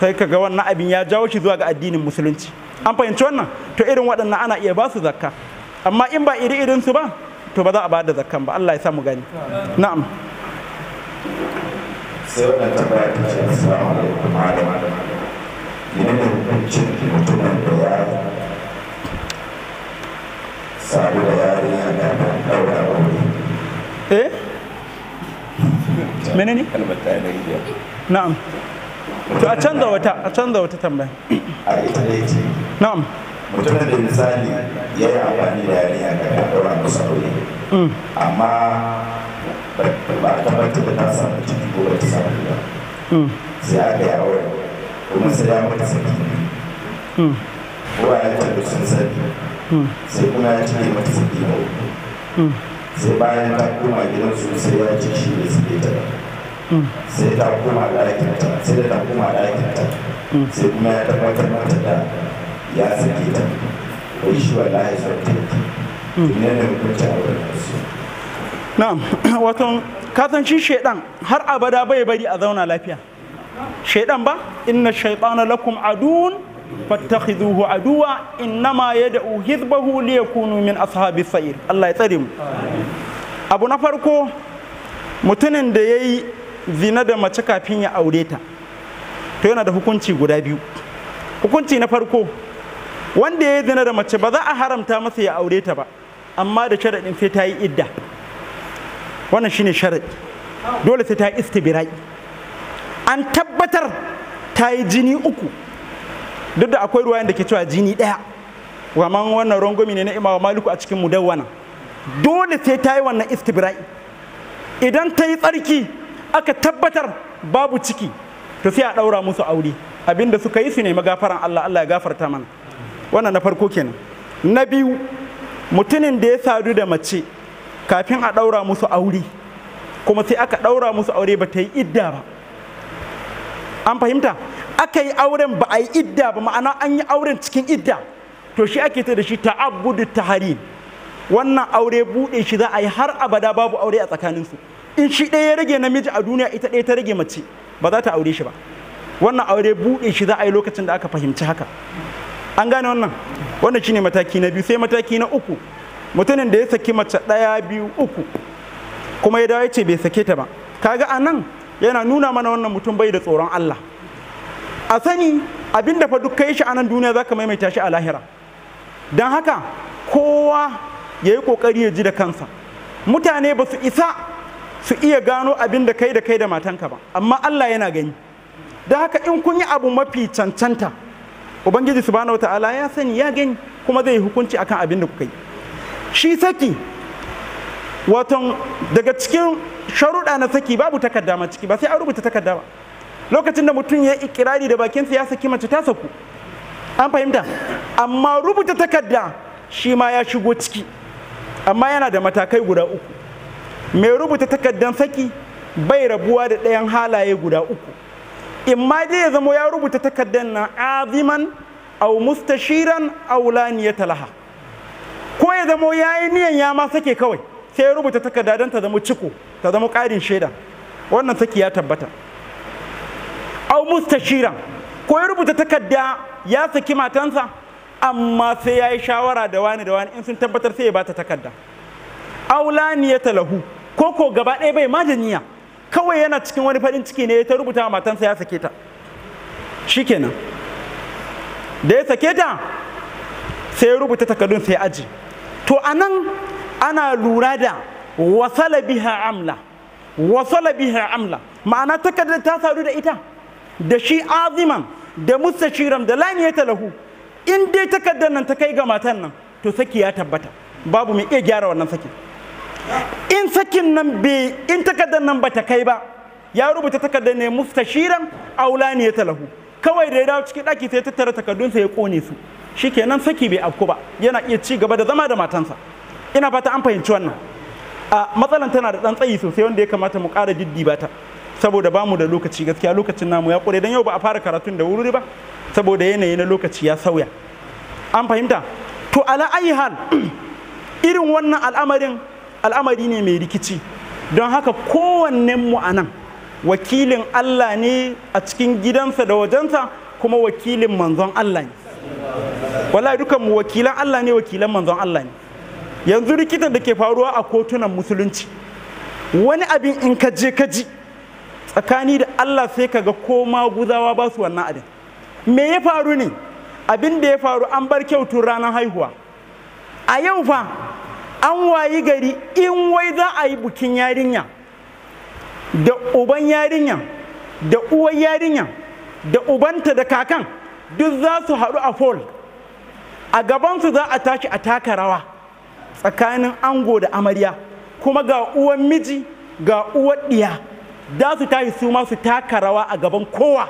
sai ka ga wannan abin ya jawo shi zuwa ga addinin musulunci an fahimci wannan to irin waɗannan ana iya ba su zakka amma in ba iri irin su ba to ba za a ba da zakkan ba Allah ya sa mu gani na'am sai wannan tambaya ta ce assalamu alaikum malam menene hukuncin mutumin da ya sabu da yarinya da ban daura aure eh menene kalmar ta na'am to a canza wata a canza wata tambaya a ita dai ce na'am mutumin da misali ya yi amfani da yari a kan ɗaura masa aure mm. amma ba a tabbatar da ta samu ciki ko ba ta samu ba mm. sai a ga aure kuma sai ya mata saki mm. a ya da sun sani sai kuma ya cike mata saki na uku sai bayan ta koma gidansu sai ya ci shi ne suke ta sai ta koma ɗakinta sai da ta koma ɗakinta sai kuma ya tabbatar mata da ya sake ta wai shi wallahi sarki ne da hukunci a wurin su na'am wato katon shi shaidan har abada bai bari a zauna lafiya shaidan ba inna shaitana lakum adun fattakhiduhu aduwa innama yad'u hizbahu liyakunu min ashabis sa'ir Allah ya tsare mu abu na farko mutumin da yayi zina da mace kafin ya aure ta to yana da hukunci guda biyu hukunci na farko wanda ya yi zina da mace ba za a haramta masa ya aure ta ba amma da sharaɗin sai ta yi idda wannan shine sharaɗi dole sai ta yi istibira'i an tabbatar ta yi jini uku duk da akwai ruwa da ke cewa jini ɗaya waman wannan rangwami ne na imawa maliku a cikin mudawwana dole sai ta yi wannan istibira'i idan ta yi tsarki aka tabbatar babu ciki to sai a ɗaura musu aure abinda suka yi su ne magafaran Allah Allah ya gafarta mana wannan na farko kenan na biyu mutumin da ya sadu da mace kafin a ɗaura musu aure kuma sai aka ɗaura musu aure ba ta yi idda ba an fahimta aka yi auren ba a yi idda ba ma'ana an yi auren cikin idda to shi ake ta da shi ta'abbudu hari, wannan aure buɗe shi za a yi har abada babu aure a tsakaninsu in shi ɗaya ya rage namiji a duniya ita ɗaya ta rage mace ba za ta aure shi ba wannan aure buɗe shi za a yi lokacin da aka fahimci haka an gane wannan wannan shine mataki na biyu sai mataki na uku mutumin da ya saki mace ɗaya biyu uku kuma ya dawo ya ce bai sake ta ba kaga a nan yana nuna mana wannan mutum bai da tsoron Allah a sani abin da fa duk kai shi a nan duniya zaka maimaita shi a lahira don haka kowa ya yi kokari ya ji da kansa mutane ba su isa su iya gano abin da kai da kai da matanka ba amma Allah yana gani da haka in kun yi abu mafi cancanta ubangiji subhanahu ta'ala ya sani ya gani kuma zai hukunci akan abin da kuka yi shi saki wato daga cikin sharuɗa na saki babu takarda ma ciki ba sai an rubuta takarda ba lokacin da mutum ya ikirari da bakinsa ya saki mace ta saku an fahimta amma rubuta takarda shi ma ya shigo ciki amma yana da matakai guda uku mai rubuta takardan saki bai rabuwa da ɗayan halaye guda uku in dai ya zama ya rubuta takardan na aziman au mustashiran au laniya talaha ko ya zama ya yi niyan ya ma sake kawai sai ya rubuta takarda don ta zama ciko ta zama ƙarin shaida wannan saki ya tabbata au mustashiran ko ya rubuta takarda ya saki matansa amma sai ya yi shawara da wani da wani in sun tabbatar sai ya bata takarda ya talahu ko ko gaba ɗaya bai majaniya kawai yana cikin wani farin ciki ne ta rubuta matansa ya sake ta shikenan da ya sake ta sai rubuta takardun sai aji to anan ana lura da wasala biha amla wasala biha amla ma'ana takardar ta sadu da ita da shi aziman da mustashiram da ya talahu? in dai takardar nan ta kai ga matan nan to saki ya tabbata babu mai iya gyara wannan saki in sakin nan bai in takardar nan bata kai ba ya rubuta takardar ne mustashiran ya talahu kawai da ya dawo cikin daki sai tattara takardunsa ya kone su shikenan saki bai afku ba yana iya ci gaba da zama da matansa ina fata an fahimci wannan a matsalan tana da ɗan tsayi sosai wanda ya kamata mu ƙara diddiba ta saboda bamu da lokaci gaskiya lokacin namu ya kure don yau ba a fara karatun da wuri ba saboda yanayi na lokaci ya sauya an fahimta to ala ayi hal irin wannan al'amarin al'amari ne mai rikici don haka kowannen mu anan wakilin Allah ne a cikin gidansa da wajensa kuma wakilin manzon Allah ne wallahi dukan mu wakilan Allah ne wakilan manzon Allah ne yanzu rikitan da ke faruwa a kotunan musulunci wani abin in ka je ka ji tsakani da Allah sai ka ga koma guzawa ba su wannan abin me ya faru ne abin da ya faru an bar kyautun ranar haihuwa a yau fa an wayi gari in wai za a yi bukin yarinya da uban yarinya da uwar yarinya da ubanta da kakan duk za su haɗu a fol a gabansu za a tashi a taka rawa tsakanin ango da amarya kuma ga uwan miji ga uwar ɗiya za su tashi su ma su taka rawa a gaban kowa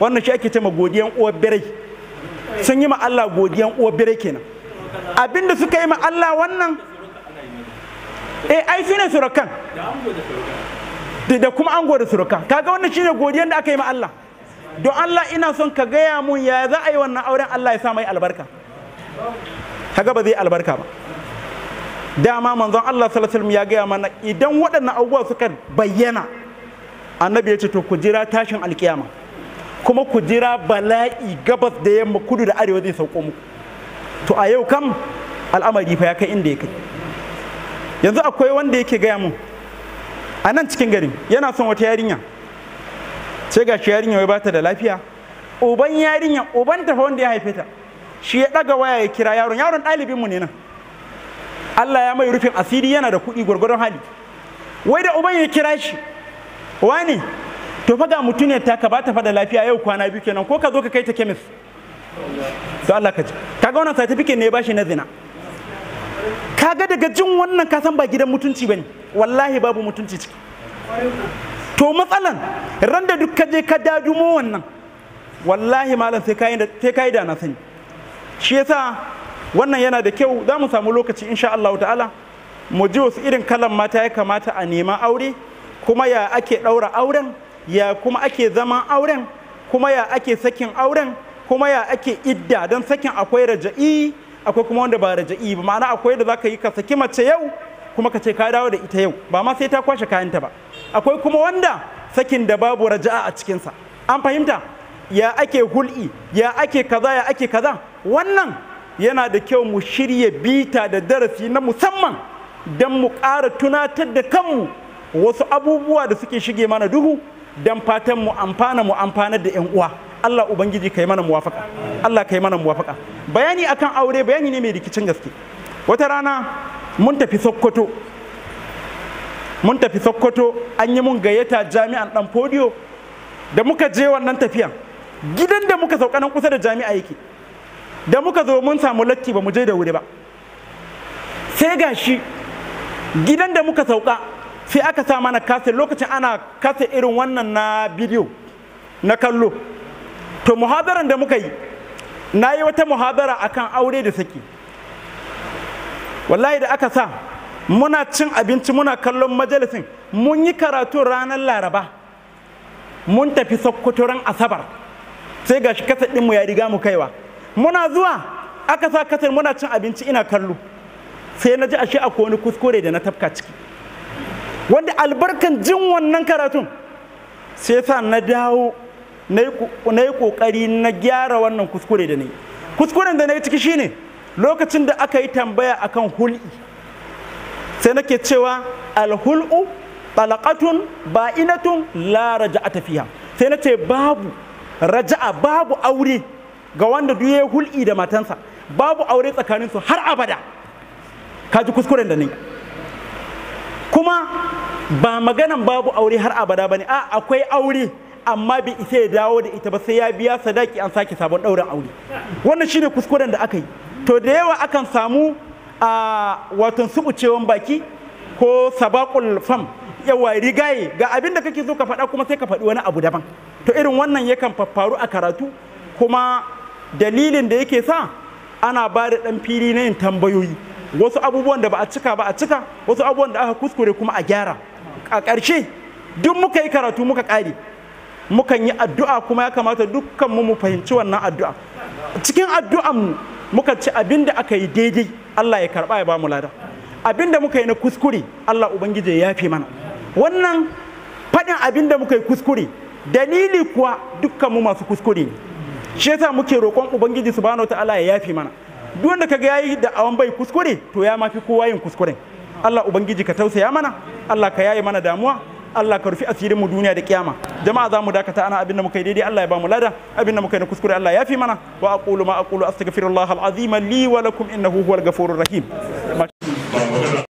wannan shi ake ce ma godiyan uwar birai sun yi ma Allah godiyan uwar birai kenan abinda suka yi ma Allah wannan eh ai su ne surukan da kuma ango da surukan kaga wannan shine godiyar da aka yi ma Allah don Allah ina son ka gaya mun ya za a yi wannan auren Allah ya sa mai albarka kaga ba zai albarka ba dama manzon Allah sallallahu ya gaya mana idan waɗannan abubuwa suka bayyana annabi ya ce to ku jira tashin alkiyama kuma ku jira bala'i gabas da yamma kudu da arewa zai sauko muku to a yau kam al'amari fa ya kai inda ya kai yanzu akwai wanda yake gaya mun a nan cikin garin yana son wata yarinya sai ga shi yarinya wai bata da lafiya uban yarinya uban tafa wanda ya haife ta shi ya daga waya ya kira yaron yaron ɗalibin mu ne nan Allah ya mai rufin asiri yana da kuɗi gwargwadon hali wai da uban ya kira shi wani to fa ga mutum ta ka ba fa da lafiya yau kwana biyu kenan ko ka zo ka kai ta kemis to Allah ka ji kaga wannan certificate ne ya bashi na zina kaga daga jin wannan kasan ba gidan mutunci bane wallahi babu mutunci ciki to matsalan ran da duk ka je ka dadumo wannan wallahi malam sai kai da sai kai da na sani shi yasa wannan yana da kyau za mu samu lokaci insha Allah ta'ala mu ji wasu irin kalan mata ya kamata a nema aure kuma ya ake ɗaura auren ya kuma ake zaman auren kuma ya ake sakin auren kuma ya ake idda don sakin akwai raja'i akwai kuma wanda ba raja'i ba ma'ana akwai da zaka yi ka saki mace yau kuma ka ce ka dawo da ita yau ba ma sai ta kwashe kayanta ba akwai kuma wanda sakin da babu raja'a a cikinsa an fahimta ya ake hul'i ya ake kaza ya ake kaza wannan yana da kyau mu shirya bita da darasi na musamman don mu ƙara tunatar da kanmu wasu abubuwa da suke shige mana duhu don fatan mu amfana mu amfanar da 'yan uwa. Allah ubangiji kai mana muwafaka Allah kai mana muwafaka bayani akan aure bayani ne mai rikicin gaske wata rana mun tafi Sokoto mun tafi Sokoto an yi mun gayyata jami'an dan podio da muka je wannan tafiyan gidan da muka sauka nan kusa da jami'a yake da muka zo mun samu latti ba mu je da wuri ba sai gashi gidan da muka sauka sai aka sa mana kase lokacin ana kase irin wannan na bidiyo na kallo to muhadaran da muka yi na yi wata muhadara akan aure da saki wallahi da aka sa muna cin abinci muna kallon majalisin mun yi karatu ranar laraba mun tafi sokoto asabar sai gashi kasar ɗinmu ya riga mu kaiwa muna zuwa aka sa kasar muna cin abinci ina kallo sai na ji ashe akwai wani kuskure da na tafka ciki wanda albarkan jin wannan karatun sai sa na dawo na yi kokari na gyara wannan kuskure da ni. kuskuren da na yi ciki shine lokacin da aka yi tambaya akan hul'i sai nake cewa alhul'u talaqatun ba'inatun la a tafiya. sai nace babu raja'a babu aure ga wanda duk ya hul'i da matansa babu aure tsakaninsu har abada kaji kuskuren da ni kuma ba maganan babu aure har abada bane a akwai aure amma bai isa ya dawo da ita ba sai ya biya sadaki an sake sabon ɗaurin aure wannan shine kuskuren da aka yi to da yawa akan samu a watan subucewan baki ko sabakul fam yawa rigaye ga abin da kake so ka faɗa kuma sai ka faɗi wani abu daban to irin wannan yakan faffaru a karatu kuma dalilin da yake sa ana ba da ɗan fili na yin tambayoyi wasu abubuwan da ba a cika ba a cika wasu abubuwan da aka kuskure kuma a gyara a ƙarshe duk muka yi karatu muka ƙare mukan yi addu'a kuma ya kamata dukkan mu fahimci wannan addu'a cikin addu'an mu muka ci abin da aka yi daidai Allah ya karba ya ba mu lada abin da muka yi na kuskure Allah ubangiji ya yafe mana wannan faɗin abin da muka yi kuskure dalili kuwa dukkan mu masu kuskure ne shi yasa muke roƙon ubangiji subhanahu ta'ala ya yafe mana duk wanda kaga yayi da awan bai kuskure to ya mafi kowa yin kuskure. Allah ubangiji ka tausaya mana Allah ka yaye mana damuwa Allah ka rufi asirin mu duniya da kiyama jama'a zamu dakata ana abinda muka yi daidai Allah ya ba mu lada abinda muka yi na kuskure Allah ya fi mana wa aqulu ma aqulu astaghfirullah al-azim li wa lakum innahu huwal ghafurur rahim